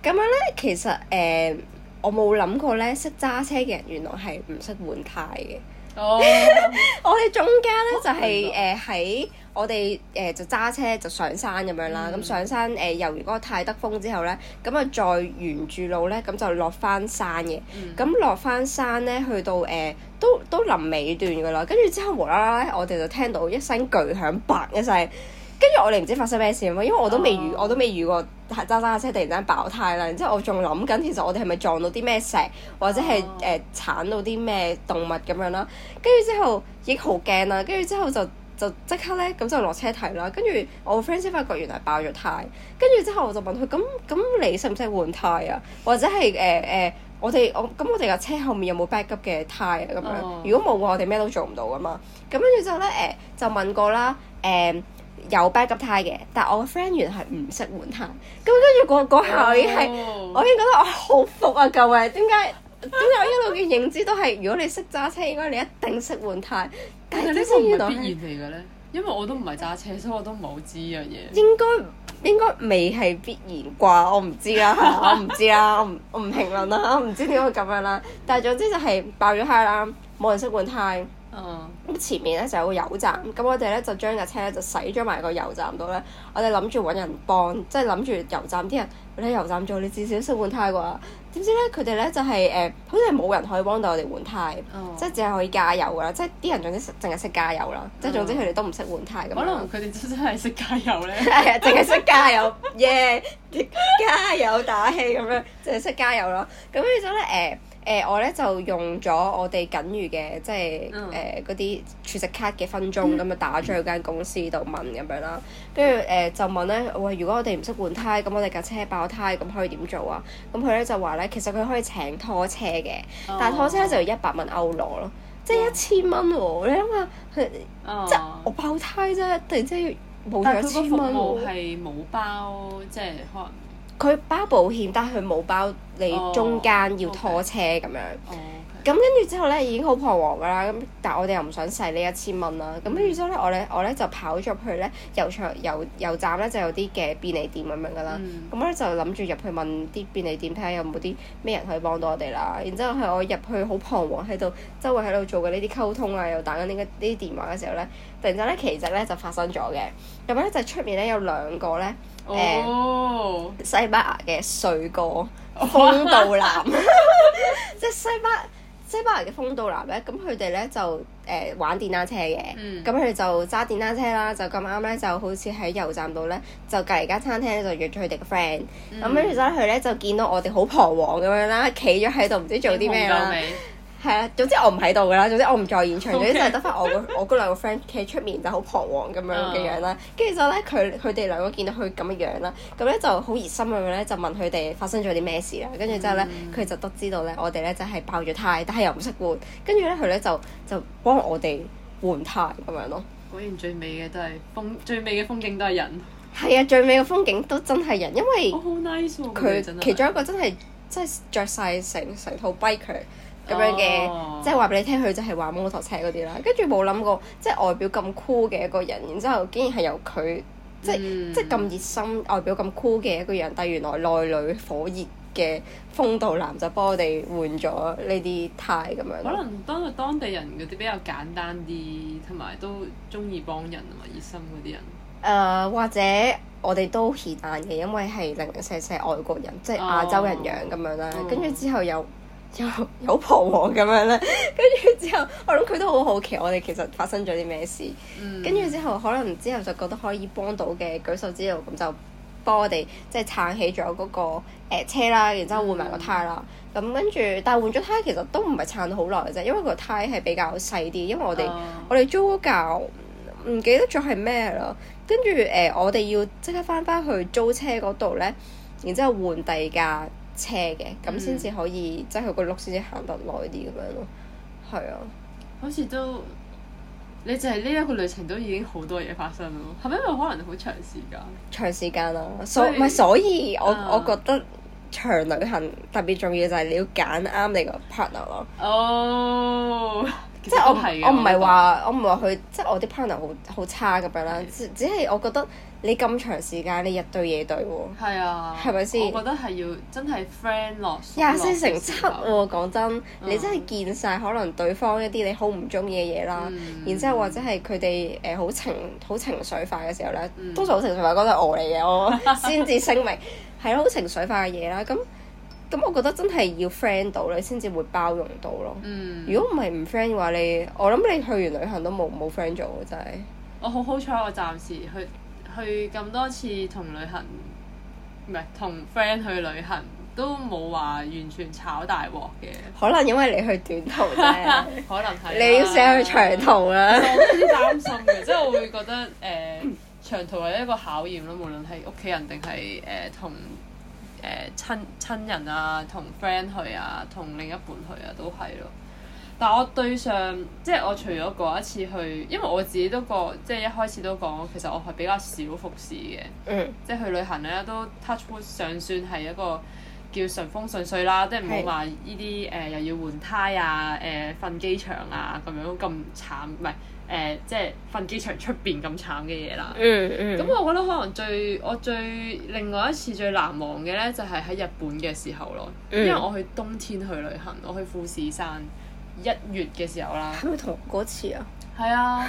的樣呢，其實誒、呃，我冇諗過呢識揸車嘅人原來係唔識換胎嘅。哦，oh. [LAUGHS] 我哋中間呢，What? 就係誒喺。的我哋誒就揸車就上山咁樣啦，咁上山誒，遊完嗰個泰德峰之後咧，咁啊再沿住路咧，咁就落翻山嘅。咁落翻山咧，去到誒都都臨尾段噶啦，跟住之後無啦啦我哋就聽到一聲巨響，白一聲，跟住我哋唔知發生咩事，因為我都未遇，我都未遇過揸揸下車突然間爆胎啦。然之後我仲諗緊，其實我哋係咪撞到啲咩石，或者係誒鏟到啲咩動物咁樣啦？跟住之後亦好驚啦，跟住之後就。就即刻咧，咁就落車睇啦。跟住我 friend 先發覺原來爆咗胎，跟住之後我就問佢：咁、啊、咁你識唔識換胎啊？或者係誒誒，我哋、啊、我咁我哋架車後面有冇 backup 嘅胎啊？咁樣如果冇嘅，我哋咩都做唔到噶嘛。咁跟住之後咧，誒、呃、就問過啦，誒、呃、有 backup 胎嘅，但係我 friend 原係唔識換胎。咁跟住嗰嗰下我已經係，oh. 我已經覺得我好服啊！各位，點解點解一路嘅認知都係如果你識揸車，應該你一定識換胎？但係呢個唔係必然嚟嘅咧，因為我都唔係揸車，所以我都冇知依樣嘢。應該應該未係必然啩？我唔知，啊， [LAUGHS] 我唔知啊，我唔知啊，我唔我唔評論啦，我唔知點解會咁樣啦、啊。但係總之就係爆咗胎啦，冇人識換胎。咁、uh. 前面咧就有個油站，咁我哋咧就將架車咧就洗咗埋個油站度咧，我哋諗住揾人幫，即係諗住油站啲人喺油站做，你至少識換胎啩？點知咧？佢哋咧就係、是、誒、呃，好似係冇人可以幫到我哋換胎，oh. 即係淨係可以加油噶啦，即係啲人總之淨係識加油啦，即係、oh. 總之佢哋都唔識換胎咁。可能佢哋真真係識加油咧，係啊，淨係識加油耶！Yeah. [LAUGHS] 加油打氣咁樣，淨係識加油咯。咁跟住之後咧誒。呃誒、呃、我咧就用咗我哋僅餘嘅即係誒嗰啲儲值卡嘅分鐘咁啊，打咗去間公司度問咁樣啦，跟住誒就問咧，喂，如果我哋唔識換胎，咁我哋架車爆胎咁可以點做啊？咁佢咧就話咧，其實佢可以請拖車嘅，oh. 但係拖車就一百蚊歐羅咯，oh. 即係一千蚊喎！你諗下佢，oh. 即係我爆胎啫，突然之間冇咗一千蚊。但係佢個服務係冇包，即、就、係、是、可能佢包保險，但係佢冇包。你中間要拖車咁、oh, okay. 樣，咁跟住之後咧已經好彷徨噶啦。咁但係我哋又唔想使呢一千蚊啦。咁跟住之後咧，我咧我咧就跑咗去咧油場油油站咧就有啲嘅便利店咁樣噶啦。咁咧、mm. 就諗住入去問啲便利店，睇下有冇啲咩人可以幫到我哋啦。然之後係我入去好彷徨喺度，周圍喺度做嘅呢啲溝通啊，又打緊呢啲電話嘅時候咧，突然間咧奇跡咧就發生咗嘅。咁咧就出、是、面咧有兩個咧誒、oh. 呃、西班牙嘅水果風度男， [LAUGHS] [LAUGHS] 即係西班牙西班牙嘅風度男咧，咁佢哋咧就誒、呃、玩電單車嘅，咁佢哋就揸電單車啦，就咁啱咧，就好似喺油站度咧，就隔離間餐廳咧就約咗佢哋嘅 friend，咁跟住之後佢咧就見到我哋好彷徨咁樣啦，企咗喺度唔知做啲咩啦。係啊，總之我唔喺度㗎啦，總之我唔在現場，總之就係得返我個我嗰兩個 friend 企出面、uh, 就好彷徨咁樣嘅樣啦。跟住之後咧，佢佢哋兩個見到佢咁嘅樣啦，咁咧就好熱心咁樣咧，就問佢哋發生咗啲咩事啦。跟住之後咧、就係，佢、嗯、就都知道咧，我哋咧就係爆咗胎，但係又唔識換。跟住咧，佢咧就就幫我哋換胎咁樣咯。果然最美嘅都係風，最美嘅風景都係人。係啊，最美嘅風景都真係人，因為佢、oh, 其中一個真係真係着晒成成套 biker。咁樣嘅，oh. 即係話俾你聽，佢就係玩摩托車嗰啲啦。跟住冇諗過，即係外表咁酷嘅一個人，然之後竟然係由佢，mm. 即係即係咁熱心，外表咁酷嘅一個人，但係原來內裏火熱嘅風度男就幫我哋換咗呢啲呔咁樣。可能當當地人嗰啲比較簡單啲，同埋都中意幫人啊嘛，熱心嗰啲人。誒，uh, 或者我哋都顯眼嘅，因為係零零舍舍外國人，即係亞洲人樣咁樣啦。跟住、oh. 嗯、之後又。有有 [LAUGHS] 婆婆咁樣咧，跟住 [LAUGHS] [LAUGHS] 之後，我諗佢都好好奇我哋其實發生咗啲咩事。跟住、嗯、之後，可能之後就覺得可以幫到嘅，舉手之勞咁就幫我哋即係撐起咗嗰、那個誒、呃、車啦，然之後換埋個胎啦。咁跟住，但係換咗胎其實都唔係撐到好耐嘅啫，因為個胎係比較細啲。因為我哋、哦、我哋租咗架，唔記得咗係咩啦。跟住誒，我哋要即刻翻返去租車嗰度咧，然之後換第二架，車嘅，咁先至可以、嗯、即係佢個轆先至行得耐啲咁樣咯，係啊，好似都，你就係呢一個旅程都已經好多嘢發生咯，係咪？因為可能好長時間，長時間啦，所唔係所，以所以我、uh、我覺得長旅行特別重要就係、是、你要揀啱你個 partner 咯。Oh 即係我我唔係話我唔話佢，即係我啲 partner 好好差咁樣啦。的只只係我覺得你咁長時間，你日對夜對喎。係啊。係咪先？我覺得係要真係 friend 落、啊。廿四乘七喎，講真、嗯，你真係見晒可能對方一啲你好唔中意嘅嘢啦。嗯、然之後或者係佢哋誒好情好情緒化嘅時候咧，通常好情緒化覺得係我嚟嘅，我先至聲明係咯，好 [LAUGHS] 情緒化嘅嘢啦。咁。咁我覺得真係要 friend 到你先至會包容到咯。嗯、如果唔係唔 friend 嘅話，你我諗你去完旅行都冇冇 friend 做，真係。我好好彩，我暫時去去咁多次同旅行，唔係同 friend 去旅行都冇話完全炒大鑊嘅。可能因為你去短途啫， [LAUGHS] 可能係是你要成去長途啦。 [LAUGHS] [LAUGHS] 我都擔心嘅，即係 [LAUGHS] 我會覺得誒、呃、長途係一個考驗咯，無論係屋企人定係誒同。誒親親人啊，同 friend 去啊，同另一半去啊，都係咯。但我對上，即係我除咗嗰一次去，因為我自己都講，即係一開始都講，其實我係比較少伏事嘅。嗯。即係去旅行咧，都 touch wood 尚算係一個叫順風順水啦，即係唔好話呢啲誒又要換胎啊、誒、呃、瞓機場啊咁樣咁慘，唔係。誒、呃，即係瞓機場出邊咁慘嘅嘢啦。嗯嗯。咁、嗯、我覺得可能最我最另外一次最難忘嘅咧，就係喺日本嘅時候咯。嗯、因為我去冬天去旅行，我去富士山一月嘅時候啦。係咪同嗰次 [LAUGHS] [MUSIC] 啊？係啊。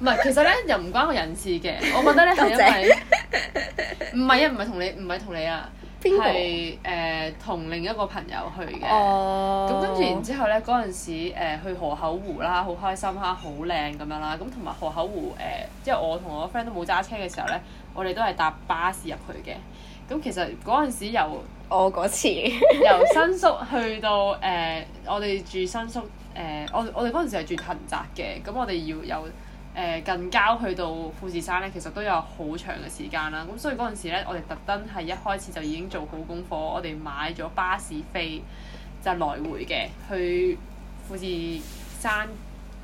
唔係，其實咧又唔關我人事嘅。我覺得咧係救命 因為唔係啊，唔係同你，唔係同你啊。係誒同另一個朋友去嘅，咁、oh、跟住然之後咧，嗰陣時、呃、去河口湖啦，好開心啦，好靚咁樣啦，咁同埋河口湖誒、呃，即係我同我 friend 都冇揸車嘅時候咧，我哋都係搭巴士入去嘅。咁、嗯、其實嗰陣時由，我嗰、oh, 嗰次 [LAUGHS] 由新宿去到誒、呃，我哋住新宿誒、呃，我我哋嗰陣時係住藤澤嘅，咁我哋要有。誒近郊去到富士山咧，其實都有好長嘅時間啦。咁所以嗰陣時咧，我哋特登係一開始就已經做好功課，我哋買咗巴士飛就係、來回嘅去富士山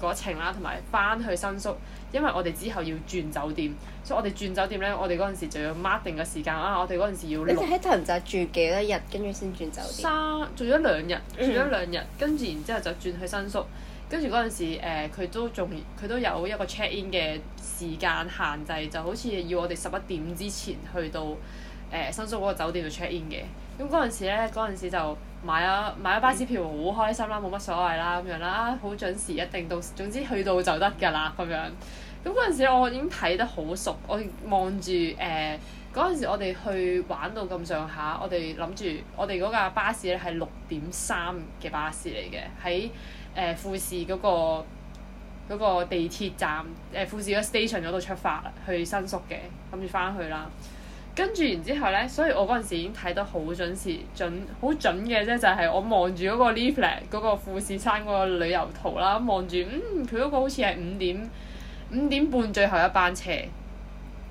嗰程啦，同埋返去新宿。因為我哋之後要轉酒店，所以我哋轉酒店咧，我哋嗰陣時就要 mark 定個時間啊。我哋嗰陣時要你哋喺神站住幾多日，跟住先轉酒店。三住咗兩日，住咗兩日，嗯、跟住然之後就轉去新宿。跟住嗰陣時，呃、佢都仲、佢都有一個 check in 嘅時間限制，就好似要我哋十一點之前去到誒、呃、新宿嗰個酒店度 check in 嘅。咁嗰陣時咧，嗰陣時就買咗買咗巴士票，好開心啦，冇乜所謂啦咁樣啦，好準時一定到，總之去到就得㗎啦咁樣。咁嗰陣時我已經睇得好熟，我望住誒嗰陣時我哋去玩到咁上下，我哋諗住我哋嗰架巴士咧係六點三嘅巴士嚟嘅喺。誒、呃、富士嗰、嗰個嗰個地鐵站，誒、呃、富士嗰 station 嗰度出發去新宿嘅，諗住翻去啦。跟住然之後咧，所以我嗰陣時已經睇得好準時，準好準嘅啫，就係、係、我望住嗰個 leaflet 嗰個富士山嗰個旅遊圖啦，望住嗯佢嗰個好似係五點五點半最後一班車。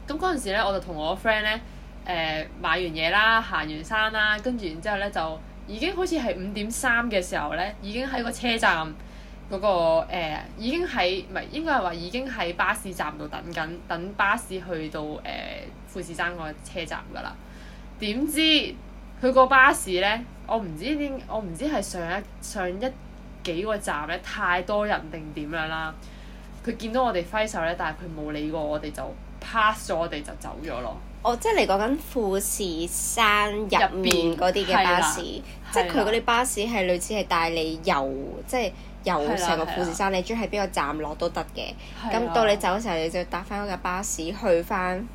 咁嗰陣時咧，我就同我 friend 咧誒買完嘢啦，行完山啦，跟住然之後咧就。已經好似係五點三嘅時候呢，已經喺個車站嗰、嗰個、呃、已經喺唔係應該係話已經喺巴士站度等緊，等巴士去到誒、呃、富士山個車站噶啦。點知佢個巴士呢，我唔知點，我唔知係上一上一幾個站咧太多人定點樣啦。佢見到我哋揮手呢，但係佢冇理過我哋就 pass 咗我哋就走咗咯。我、哦、即係嚟講緊富士山入面嗰啲嘅巴士，即係佢嗰啲巴士係類似係帶你遊，的即係遊成個富士山。的你中意喺邊個站落都得嘅。咁到的你走嘅時候，你就搭翻嗰架巴士去翻誒。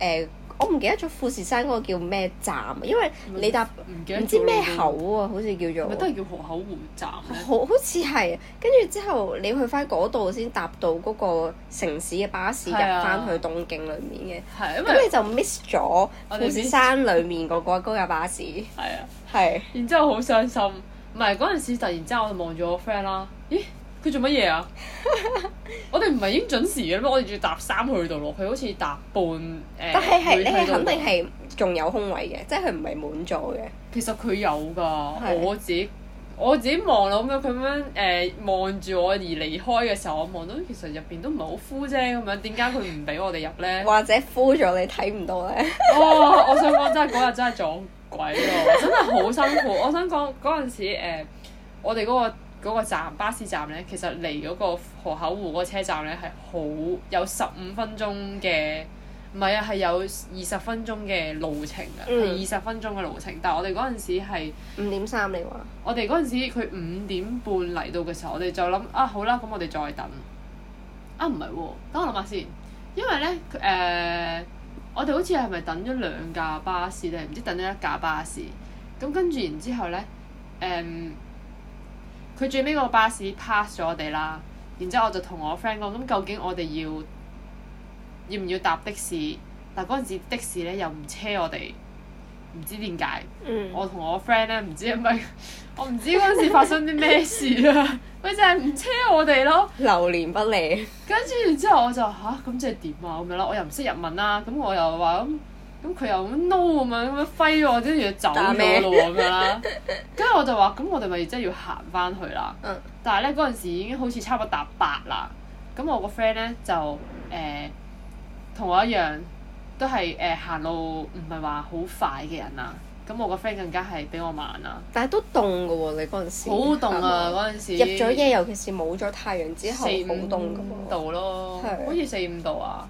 呃我唔記得咗富士山嗰個叫咩站，因為你搭唔記唔知咩口啊，的好似叫做，係係都係叫河口湖站好。好好似係，跟住之後你去翻嗰度先搭到嗰個城市嘅巴士入翻、啊、去東京裡面嘅，咁、啊啊、你就 miss 咗富士山裡面嗰個高架巴士。係啊，係、啊。啊、然之後好傷心，唔係嗰陣時突然之間我就望住我 friend 啦，咦？佢做乜嘢啊？ [LAUGHS] 我哋唔係已經準時嘅咩？我哋仲要搭三去到落去，好似搭半誒。呃、但係係你係肯定係仲有空位嘅，即係佢唔係滿座嘅。呃、其實佢有㗎的，我自己我自己望到，咁樣咁樣誒望住我而離開嘅時候，我望到其實入邊都唔係好敷啫，咁樣點解佢唔俾我哋入咧？或者敷咗你睇唔到咧？ [LAUGHS] 哦，我想講真係嗰日真係撞鬼咯，真係好辛苦。 [LAUGHS] 我想講嗰陣時、呃、我哋嗰、嗰個。嗰個站巴士站咧，其實離嗰個河口湖嗰個車站咧係好有十五分鐘嘅，唔係啊係有二十分鐘嘅路程㗎，嗯、二十分鐘嘅路程。但係我哋嗰陣時係五點三你話，3，我哋嗰陣時佢五點半嚟到嘅時候，我哋就諗啊好啦，咁我哋再等啊唔係喎，等、啊、我諗下先，因為咧誒、呃、我哋好似係咪等咗兩架巴士咧？唔知等咗一架巴士咁跟住然之後咧誒。嗯佢最尾個巴士 pass 咗我哋啦，然之後我就同我 friend 講：咁究竟我哋要要唔要搭的士？嗱嗰陣時的士咧又唔車我哋，唔知點解。嗯、我同我 friend 咧唔知係咪 [LAUGHS] 我唔知嗰陣時發生啲咩事啊。反正係唔車我哋咯。流年不利。跟住然之後我就嚇，咁即係點啊咁樣啦、啊？我又唔識日文啦、啊，咁我又話咁。嗯咁佢又咁 no 咁樣咁樣揮咗我啲嘢走咗咯咁樣啦，跟住大 Man 我就話：咁 [LAUGHS] 我哋咪真係要行翻去啦。嗯、但係咧嗰陣時已經好似差唔多達八啦。咁我個 friend 咧就誒同、呃、我一樣，都係誒行路唔係話好快嘅人啦。咁我個 friend 更加係比我慢啦。但係都凍嘅喎，你嗰陣時,、啊、時。好凍啊！嗰陣時。入咗夜，尤其是冇咗太陽之後。四五、啊、度咯，的好似四五度啊。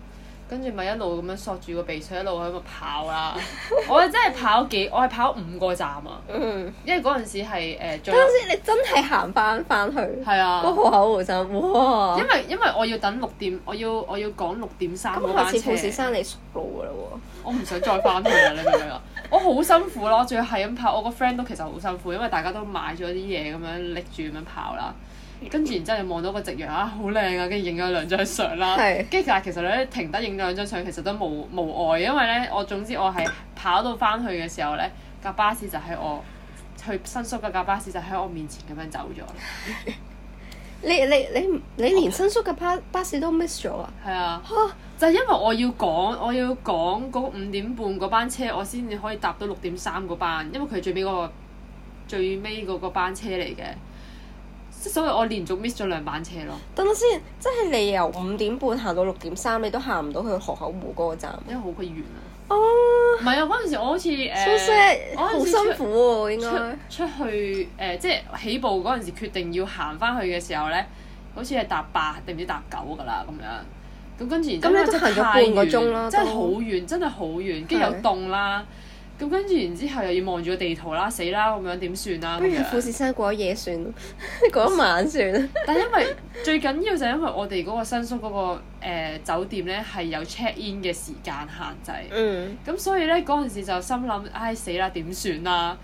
跟住咪一路咁樣索住個鼻水，一路喺度跑啦！ [LAUGHS] 我真係跑幾，我係跑五個站啊！ [NOISE] 因為嗰陣時係誒，嗰、呃、最你真係行翻翻去，係啊，都 [NOISE] 好 [NOISE] 口湖真，因為因為我要等六點，我要我要趕六點三嘅班車嘅。咁我好似富士山你熟路㗎啦、啊、我唔想再翻去啦你明唔明啊，我好辛苦咯，仲要係咁跑。我個 friend 都其實好辛苦，因為大家都買咗啲嘢咁樣拎住咁樣跑啦。跟住，然之後望到個夕陽啊，好靚啊！跟住影咗兩張相啦。係。跟住，但係其實咧，停得影兩張相，其實都無無礙，因為咧，我總之我係跑到翻去嘅時候咧，架巴士就喺我去新宿嘅架巴士就喺我面前咁樣走咗。你你你你連新宿嘅巴巴士都 miss 咗啊？係啊。嚇！就因為我要講，我要講嗰五點半嗰班車，我先至可以搭到六點三嗰班，因為佢最尾嗰個，最尾嗰個班車嚟嘅。即係所以，我連續 miss 咗兩班車咯。等我先，即係你由五點半行到六點三，你都行唔到去河口湖嗰個站，因為好鬼遠啊、oh。哦，唔係啊，嗰陣時我好似誒，好 So sad, 當辛苦喎、啊，應該。出去誒、呃，即係起步嗰陣時決定要行翻去嘅時候咧，好似係搭八定唔知搭九㗎啦咁樣。咁跟住，咁你行即都行咗半個鐘咯，真係好遠，真係好遠，跟住又凍啦。咁跟住然之後又要望住個地圖啦，死啦，咁樣點算啊？不如富士山過一夜算，過一晚算啊！但因為 [LAUGHS] 最緊要就係因為我哋嗰個新宿嗰、嗰個、呃、酒店咧係有 check in 嘅時間限制，咁、嗯、所以咧嗰陣時就心諗唉、哎、死啦點算啦？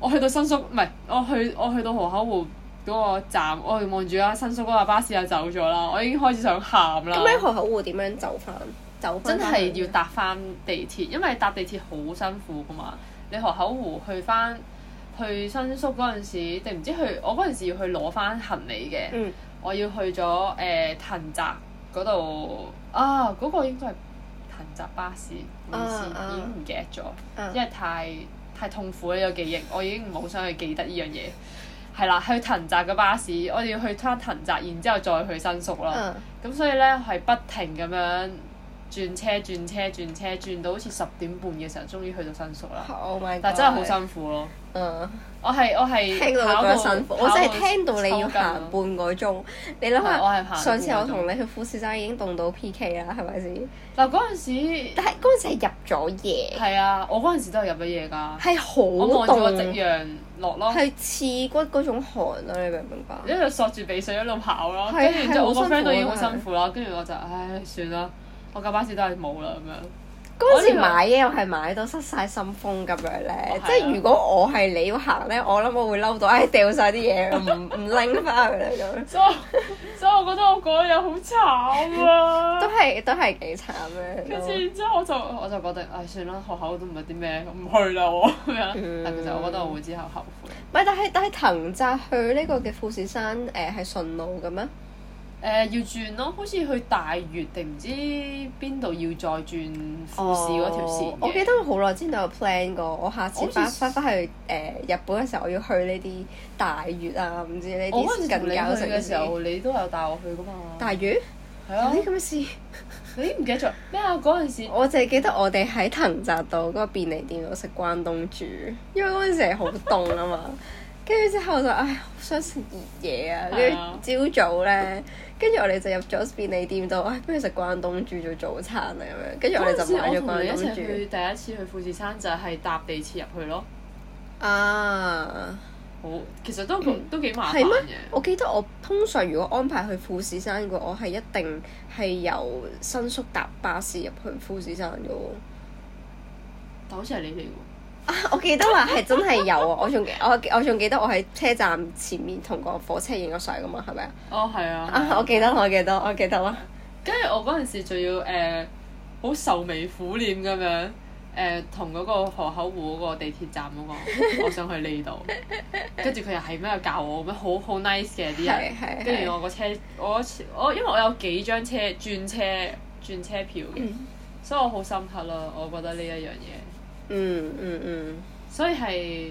我去到新宿唔係我去我去到河口湖嗰個站，我去望住啦，新宿嗰個巴士又走咗啦，我已經開始想喊啦！咁喺河口湖點樣走翻？真係要搭翻地鐵，因為搭地鐵好辛苦㗎嘛。你河口湖去翻去新宿嗰陣時，定唔知去我嗰陣時要去攞翻行李嘅，嗯、我要去咗誒、呃、藤澤嗰度啊！嗰、那個應該係藤澤巴士，唔知、啊啊、已經唔記得咗，啊、因為太太痛苦呢個記憶，我已經唔好想去記得呢樣嘢係啦。去藤澤嘅巴士，我哋要去翻藤澤，然之後再去新宿咯。咁、啊、所以呢，係不停咁樣。轉車轉車轉車轉到好似十點半嘅時候，終於去到新宿啦！但真係好辛苦咯。嗯，我係我係聽到好辛苦，我真係聽到你要行半個鐘。你諗下，上次我同你去富士山已經凍到 PK 啦，係咪先？嗱，嗰陣時，但係嗰陣時係入咗夜。係啊，我嗰陣時都係入咗夜㗎。係好凍。我望住個夕陽落咯。係刺骨嗰種寒啊！你明唔明白？一路索住鼻水一路跑咯，跟住然之後我個 friend 都已經好辛苦啦，跟住我就唉算啦。我架巴士都係冇啦咁樣。嗰陣時買嘢又係買到失晒心風咁樣咧，即係如果我係你要行咧，我諗我會嬲到，哎掉晒啲嘢，唔唔 [LAUGHS] 拎翻佢啦咁。 [LAUGHS] 所以，所以我覺得我嗰日好慘啊。都係都係幾慘嘅。咁然之後我就我就覺得，唉、哎，算啦，學校都唔係啲咩，唔去啦我咁樣。嗯、但其實我覺得我會之後後悔。唔係，但係但係藤澤去呢個嘅富士山誒係、呃、順路嘅咩？誒、呃、要轉咯，好似去大月定唔知邊度要再轉富士嗰條線，oh, 我記得我好耐之前有 plan 過，我下次翻翻翻去誒、呃、日本嘅時候，我要去呢啲大月啊，唔知呢啲近郊城市。我嗰陣時去嘅時候，你都有帶我去噶嘛？大月越？係啊。啲咁嘅事？咦？唔記得咗咩啊？嗰陣時。 [LAUGHS] 哎、時我淨係記得我哋喺藤澤道嗰個便利店度食關東煮，因為嗰陣時係好凍啊嘛。跟住 [LAUGHS] 之後就唉、哎、想食熱嘢啊！跟住 [LAUGHS] 朝早咧。 [LAUGHS] 跟住我哋就入咗便利店度，喂，不如食關東煮做早餐啊咁樣。跟住我哋就買咗關東煮。第一次去第一次去富士山就係搭地鐵入去咯。啊，好，其實都都幾麻煩嘅。嗯，係咩？我記得我通常如果安排去富士山嘅，我係一定係由新宿搭巴士入去富士山嘅喎。但好似係你嚟喎。 [LAUGHS] 我記得話係真係有啊！我仲我我仲記得我喺車站前面同個火車影咗相噶嘛，係咪、哦、啊？哦、啊，係啊！ [LAUGHS] 我記得我記得、嗯、我記得啦。跟住我嗰陣時仲要誒，好愁眉苦臉咁樣誒，同、呃、嗰個河口湖嗰個地鐵站嗰、嗰個， [LAUGHS] 我想去呢度。跟住佢又係咩教我咁好好 nice 嘅啲人。跟住 [LAUGHS] 是我個車，我我因為我有幾張車轉車轉車票嘅， [LAUGHS] 所以我好深刻咯。我覺得呢一樣嘢。嗯嗯嗯，mm hmm. 所以係，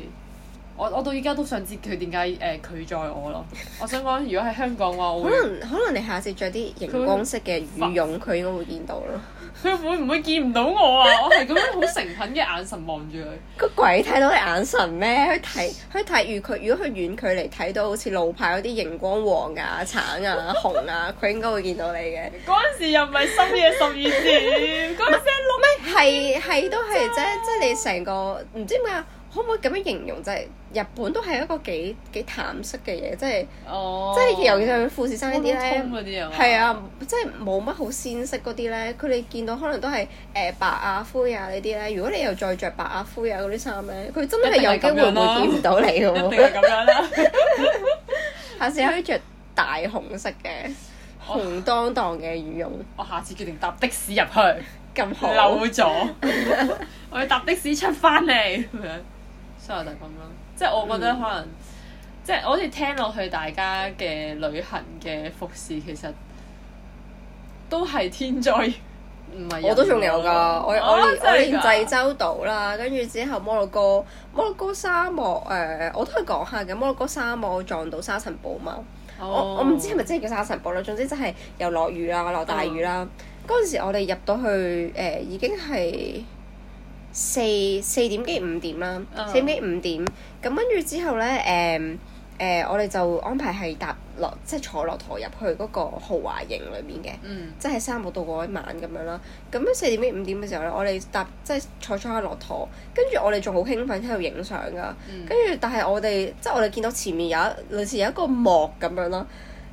我我到依家都想知佢點解誒拒載我咯。 [LAUGHS] 我想講，如果喺香港嘅話，我會， [LAUGHS] 可能可能你下次着啲熒光色嘅羽絨，佢應該會見到咯。佢會唔會見唔到我啊？我係咁樣好誠懇嘅眼神望住佢。個鬼睇到你眼神咩？佢睇佢睇如佢，如果佢遠距離睇到好似路牌嗰啲熒光黃啊、橙啊、紅啊，佢應該會見到你嘅。嗰陣 [LAUGHS] [LAUGHS] [LAUGHS] 時又唔係深夜十二點，嗰陣 [LAUGHS] [LAUGHS] 時咩？係係都係啫， [LAUGHS] 即係你成個唔知點解，可唔可以咁樣形容即係？日本都係一個幾幾淡色嘅嘢，即係即係尤其是富士山呢啲咧，係啊,啊，即係冇乜好鮮色嗰啲咧。佢哋見到可能都係誒、呃、白阿灰啊呢啲咧。如果你又再着白阿灰啊嗰啲衫咧，佢真係有機會會,會見唔到你嘅、啊、喎。一定係咁樣啦、啊。 [LAUGHS] [LAUGHS] 下次可以着大紅色嘅紅當當嘅羽絨。我下次決定搭的士入去，咁 [LAUGHS] 好溜咗。弄了 [LAUGHS] 我要搭的士出翻嚟咁樣，所以就咁啦。即係我覺得可能，嗯、即係我好似聽落去大家嘅旅行嘅伏事其實都係天災，唔係我都仲有㗎、哦，我我我連濟州島啦，跟住、哦、之後摩洛哥摩洛哥沙漠誒、呃，我都係講下嘅摩洛哥沙漠撞到沙塵暴啊嘛、oh.！我我唔知係咪真係叫沙塵暴啦，總之就係又落雨啦，落大雨啦。嗰陣、oh. 時我哋入到去誒、呃、已經係。四四點幾五點啦，oh. 四點幾五點咁，跟住之後咧，誒、嗯、誒、嗯，我哋就安排係搭落，即、就、係、是、坐駱駝入去嗰個豪華營裏面嘅，即係喺沙漠度過一晚咁樣啦。咁樣四點幾五點嘅時候咧，我哋搭即係、就是、坐上開駱駝，跟住我哋仲好興奮，喺度影相噶。跟住，但係我哋即係我哋見到前面有一類似有一個幕咁樣咯，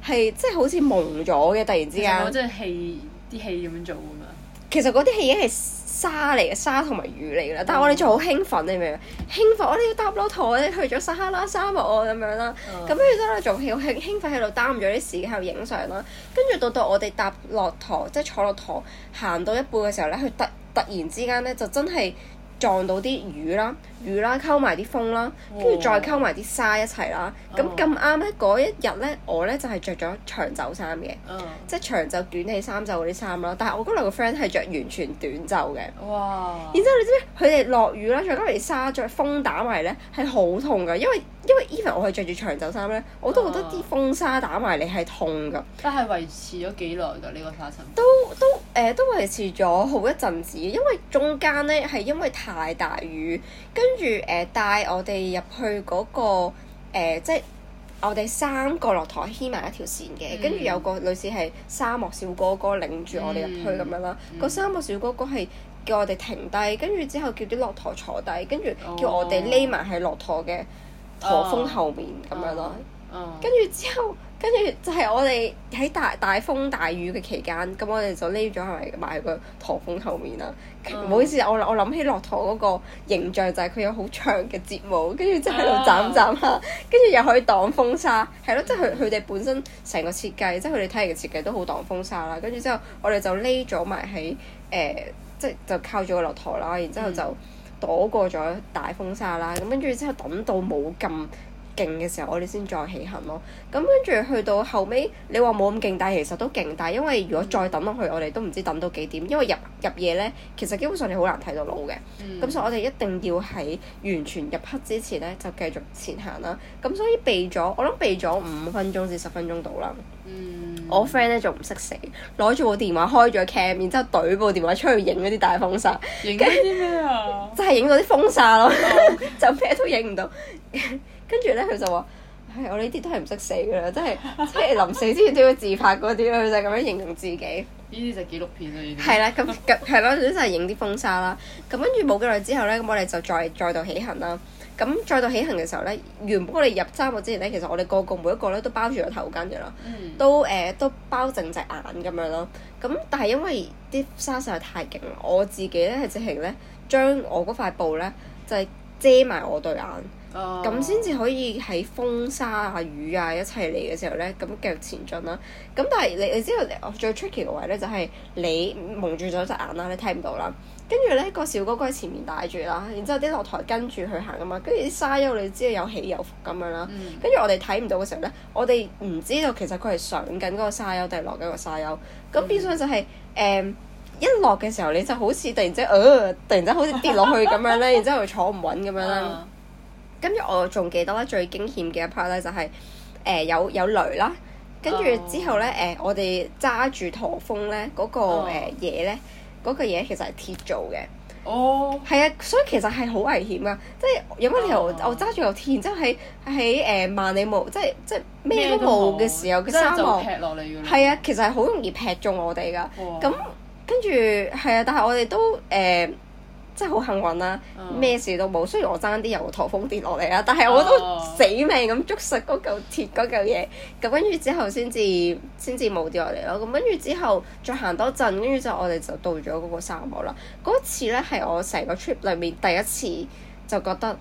係即係好似蒙咗嘅。突然之間，即係戲啲戲咁樣做㗎嘛。其實嗰啲戲已經係。沙嚟嘅沙同埋雨嚟嘅。啦，但係我哋仲好興奮、嗯、你明唔明？興奮我、啊、哋要搭駱駝，我哋去咗撒哈拉沙漠咁、啊啊、樣啦，咁跟住咧仲好興興奮喺度耽誤咗啲時間影相啦，跟住、啊、到到我哋搭駱駝即係坐駱駝行到一半嘅時候咧，佢突突然之間咧就真係撞到啲雨啦。雨啦，溝埋啲風啦，跟住哇再溝埋啲沙一齊啦。咁咁啱咧，嗰一日咧，我咧就係着咗長袖衫嘅，哦、即係長袖短氣袖衫就嗰啲衫啦。但係我嗰兩個 friend 係着完全短袖嘅。哇！然之後你知唔知佢哋落雨啦，再加埋沙，着風打埋咧，係好痛㗎。因為因為 even 我係着住長袖衫咧，哦、我都覺得啲風沙打埋你係痛㗎。但係維持咗幾耐㗎？呢、呢個沙塵都都誒、呃、都維持咗好一陣子，因為中間咧係因為太大雨。跟住誒帶我哋入去嗰、那個、呃、即係我哋三個駱駝牽埋一條線嘅。跟住、嗯、有個女士係沙漠小哥哥領住我哋入去咁樣啦。嗯、三個沙漠小哥哥係叫我哋停低，跟住之後叫啲駱駝坐低，跟住叫我哋匿埋喺駱駝嘅駝峰後面咁樣咯。哦哦哦跟住、嗯、之後，跟住就係我哋喺大大風大雨嘅期間，咁我哋就匿咗係埋個駝峰後面啦。唔、嗯、好意思，我我諗起駱駝嗰個形象就係佢有好長嘅睫毛，跟住即係喺度斬斬下，跟住、嗯、又可以擋風沙，係咯，即係佢佢哋本身成個設計，即係佢哋睇嚟嘅設計都好擋風沙啦。跟住之後我，我哋就匿咗埋喺誒，即係就靠咗個駱駝啦，然之後就躲過咗大風沙啦。咁跟住之後，等到冇咁勁嘅時候，我哋先再起行咯。咁跟住去到後尾，你話冇咁勁，但係其實都勁。但因為如果再等落去，嗯、我哋都唔知等到幾點。因為入入夜咧，其實基本上你好難睇到路嘅。咁、嗯、所以我哋一定要喺完全入黑之前咧，就繼續前行啦。咁所以避咗，我諗避咗五分鐘至十分鐘到啦。嗯、我 friend 咧仲唔識死，攞住部電話開咗 cam，然之後懟部電話出去影嗰啲大風沙。影啲咩啊？就係影嗰啲風沙咯，就咩都影唔到。 [LAUGHS] 跟住咧，佢就話：係、哎、我呢啲都係唔識死噶啦，即係即係臨死之前都要自拍嗰啲啦。佢就咁樣形容自己。呢啲就紀錄片啦、啊，依係啦，咁咁係咯，攞曬影啲風沙啦。咁跟住冇幾耐之後咧，咁我哋就再再度起行啦。咁再度起行嘅時候咧，原本我哋入沙漠之前咧，其實我哋個個每一個咧都包住個頭巾嘅啦，嗯、都誒、呃、都包整隻眼咁樣咯。咁但係因為啲沙實在太勁啦，我自己咧係直情咧將我嗰塊布咧就係遮埋我對眼。咁先至可以喺風沙啊、雨啊一齊嚟嘅時候呢，咁繼續前進啦。咁但係你你知道最 tricky 嘅位呢，就係你蒙住咗隻眼啦，你睇唔到啦。跟住呢、個小哥哥喺前面帶住啦，然之後啲落台跟住佢行啊嘛。跟住啲沙丘你知係有起有伏咁樣啦。跟住、嗯、我哋睇唔到嘅時候呢，我哋唔知道其實佢係上緊嗰個沙丘，定落緊個沙丘。咁變相就係誒一落嘅時候，你就好似突然之間、呃，突然之間好似跌落去咁樣呢， [LAUGHS] 然之後坐唔穩咁樣啦。嗯嗯。跟住我仲記得啦，最驚險嘅一 part 咧就係、是、誒、呃、有有雷啦，跟住之後咧誒、oh. 呃、我哋揸住駝峯咧嗰個嘢咧，嗰、呃 oh. 嗰個嘢其實係鐵做嘅。哦。係啊，所以其實係好危險啊！即係有乜理由、oh. 我揸住個鐵，然之後喺喺誒萬里無，即係即係咩都冇嘅時候，嘅沙漠劈落嚟。係漠啊，其實係好容易劈中我哋噶。哇、oh.！咁跟住係啊，但係我哋都誒。真係好幸運啦，咩事都冇，雖然我爭啲由颱風跌落嚟啦，但係我都死命咁捉實嗰嚿鐵嗰嚿嘢，咁跟住之後先至先至冇跌落嚟咯，咁跟住之後再行多陣，跟住就我哋就到咗嗰個沙漠啦。嗰次咧係我成個 trip 裡面第一次就覺得。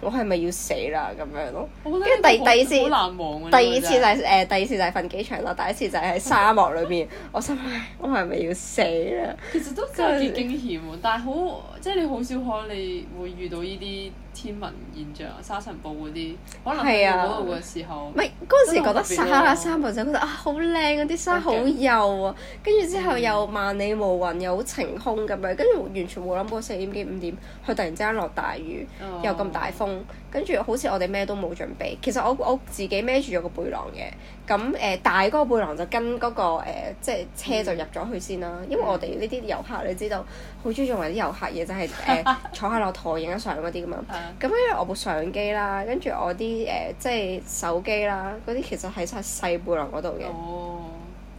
我係咪要死啦？咁樣咯，跟住第第二次，第二次就係、是、誒，第二次就係瞓機場咯。第一次就係喺沙漠裏面， [LAUGHS] 我心我係咪要死啦？其實都真係幾驚險喎， [LAUGHS] 但係好即係你好少可你會遇到呢啲。天文現象沙塵暴嗰啲，可能係嗰度嘅時候，唔係嗰陣時覺得沙啊沙塵暴，覺得啊好靚啊，啲沙好幼啊，跟住、啊、Okay. 之後又萬里無雲、嗯、又好晴空咁樣，跟住完全冇諗過四點幾五點，佢突然之間落大雨，又咁、oh. 大風。跟住好似我哋咩都冇準備，其實我我自己孭住咗個背囊嘅。咁誒大嗰個背囊就跟嗰、嗰個、呃、即係車就入咗去先啦。因為我哋呢啲遊客，嗯、你知道好中意用埋啲遊客嘢，就係、係、誒、呃、坐喺落台影一相嗰啲噶嘛。咁因為我部相機啦，跟住我啲誒、呃、即係手機啦，嗰啲其實喺晒細背囊嗰度嘅。咁、哦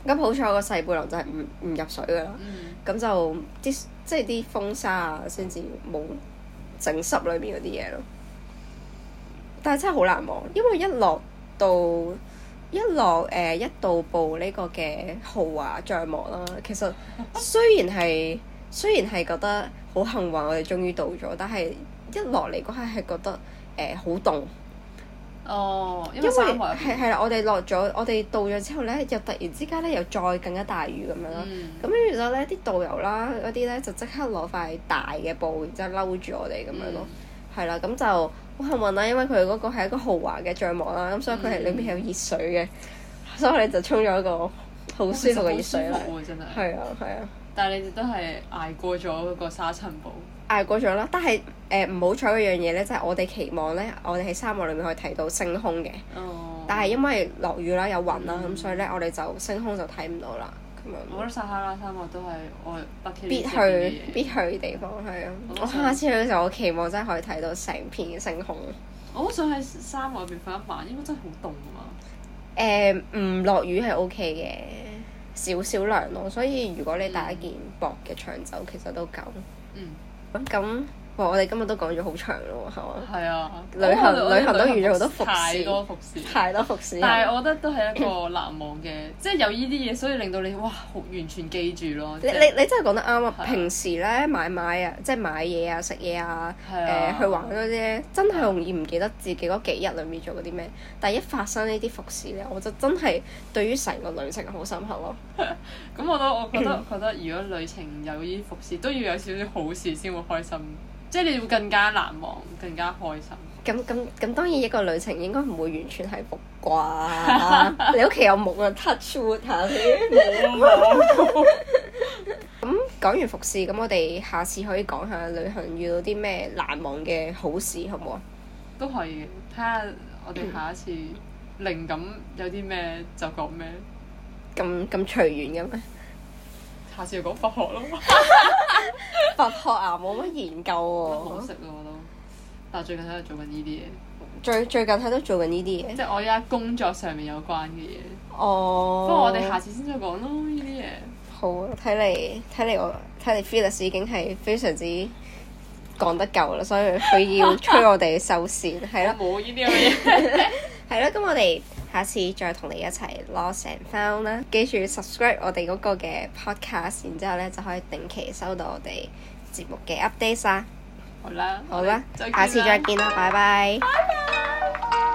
嗯、好彩個細背囊就係唔唔入水㗎啦。咁、嗯、就啲即係啲風沙啊，先至冇整濕裏面嗰啲嘢咯。但係真係好難忘，因為一落到一落誒、呃、一到步呢個嘅豪華帳幕啦，其實雖然係雖然係覺得好幸運，我哋終於到咗，但係一落嚟嗰刻係覺得誒好凍。呃、哦，因為係係啦，我哋落咗，我哋到咗之後咧，又突然之間咧又再更加大雨咁樣咯。咁跟住後咧，啲導遊啦嗰啲咧就即刻攞塊大嘅布，然之後嬲住我哋咁樣咯，係啦，咁就。好幸運啦，因為佢嗰個係一個豪華嘅帳幕啦，咁所以佢係裏面有熱水嘅，所以我就沖咗一個好舒服嘅熱水啦。真係。係啊，係啊。但係你哋都係捱過咗嗰個沙塵暴。捱過咗啦，但係誒唔好彩嗰樣嘢咧，就係、係、我哋期望咧，我哋喺沙漠裏面可以睇到星空嘅。Oh. 但係因為落雨啦、有雲啦，咁、嗯、所以咧，我哋就星空就睇唔到啦。嗯、我覺得撒哈拉沙漠都係我北必去必去嘅地方，係啊、嗯！的我下次去嘅時候，我期望真係可以睇到成片嘅星空。我好想喺沙漠入邊瞓一晚，因為真係好凍啊嘛！誒、嗯，唔落雨係 OK 嘅，少少涼咯。所以如果你帶一件薄嘅長袖，其實都夠。嗯。咁。我哋今日都講咗好長咯，係啊，旅行旅行都遇咗好多伏事，太多伏事。但係我覺得都係一個難忘嘅，即係 [LAUGHS] 有呢啲嘢，所以令到你哇，好完全記住咯、就係。你你你真係講得啱啊！吧平時咧買買啊，即係買嘢啊、食嘢啊，啊、呃，去玩嗰啲咧，真係容易唔記得自己嗰幾日裏面做過啲咩。啊、但係一發生呢啲伏事咧，我就真係對於成個旅程好深刻咯。咁 [LAUGHS] 我都我覺得我覺得，如果旅程有呢啲伏事，都要有少少好事先會開心。即係你會更加難忘，更加開心。咁咁咁當然一個旅程應該唔會完全係伏啩， [LAUGHS] 你屋企有木啊 touch wood 下先。咁講完伏事，咁我哋下次可以講下旅行遇到啲咩難忘嘅好事，好唔好啊？都可以，睇下我哋下一次靈感有啲咩就講咩。咁咁隨緣嘅咩？下次要講佛學咯， [LAUGHS] 佛學啊，冇乜研究喎、啊，好食咯我都。但最近喺度做緊呢啲嘢，最最近喺度做緊呢啲嘢，即係我而家工作上面有關嘅嘢。哦、oh，不過我哋下次先再講咯呢啲嘢。好，睇嚟睇嚟我睇嚟，Felix 已經係非常之講得夠啦，所以佢要催我哋收線，係咯 [LAUGHS] 啦。冇呢啲咁嘅嘢，係咯。咁我哋。下次再同你一齊 lost and found 啦，記住 subscribe 我哋嗰個嘅 podcast，然之後呢就可以定期收到我哋節目嘅 update 啦。好啦，好啦，啦下次再見啦，拜拜。拜拜拜拜。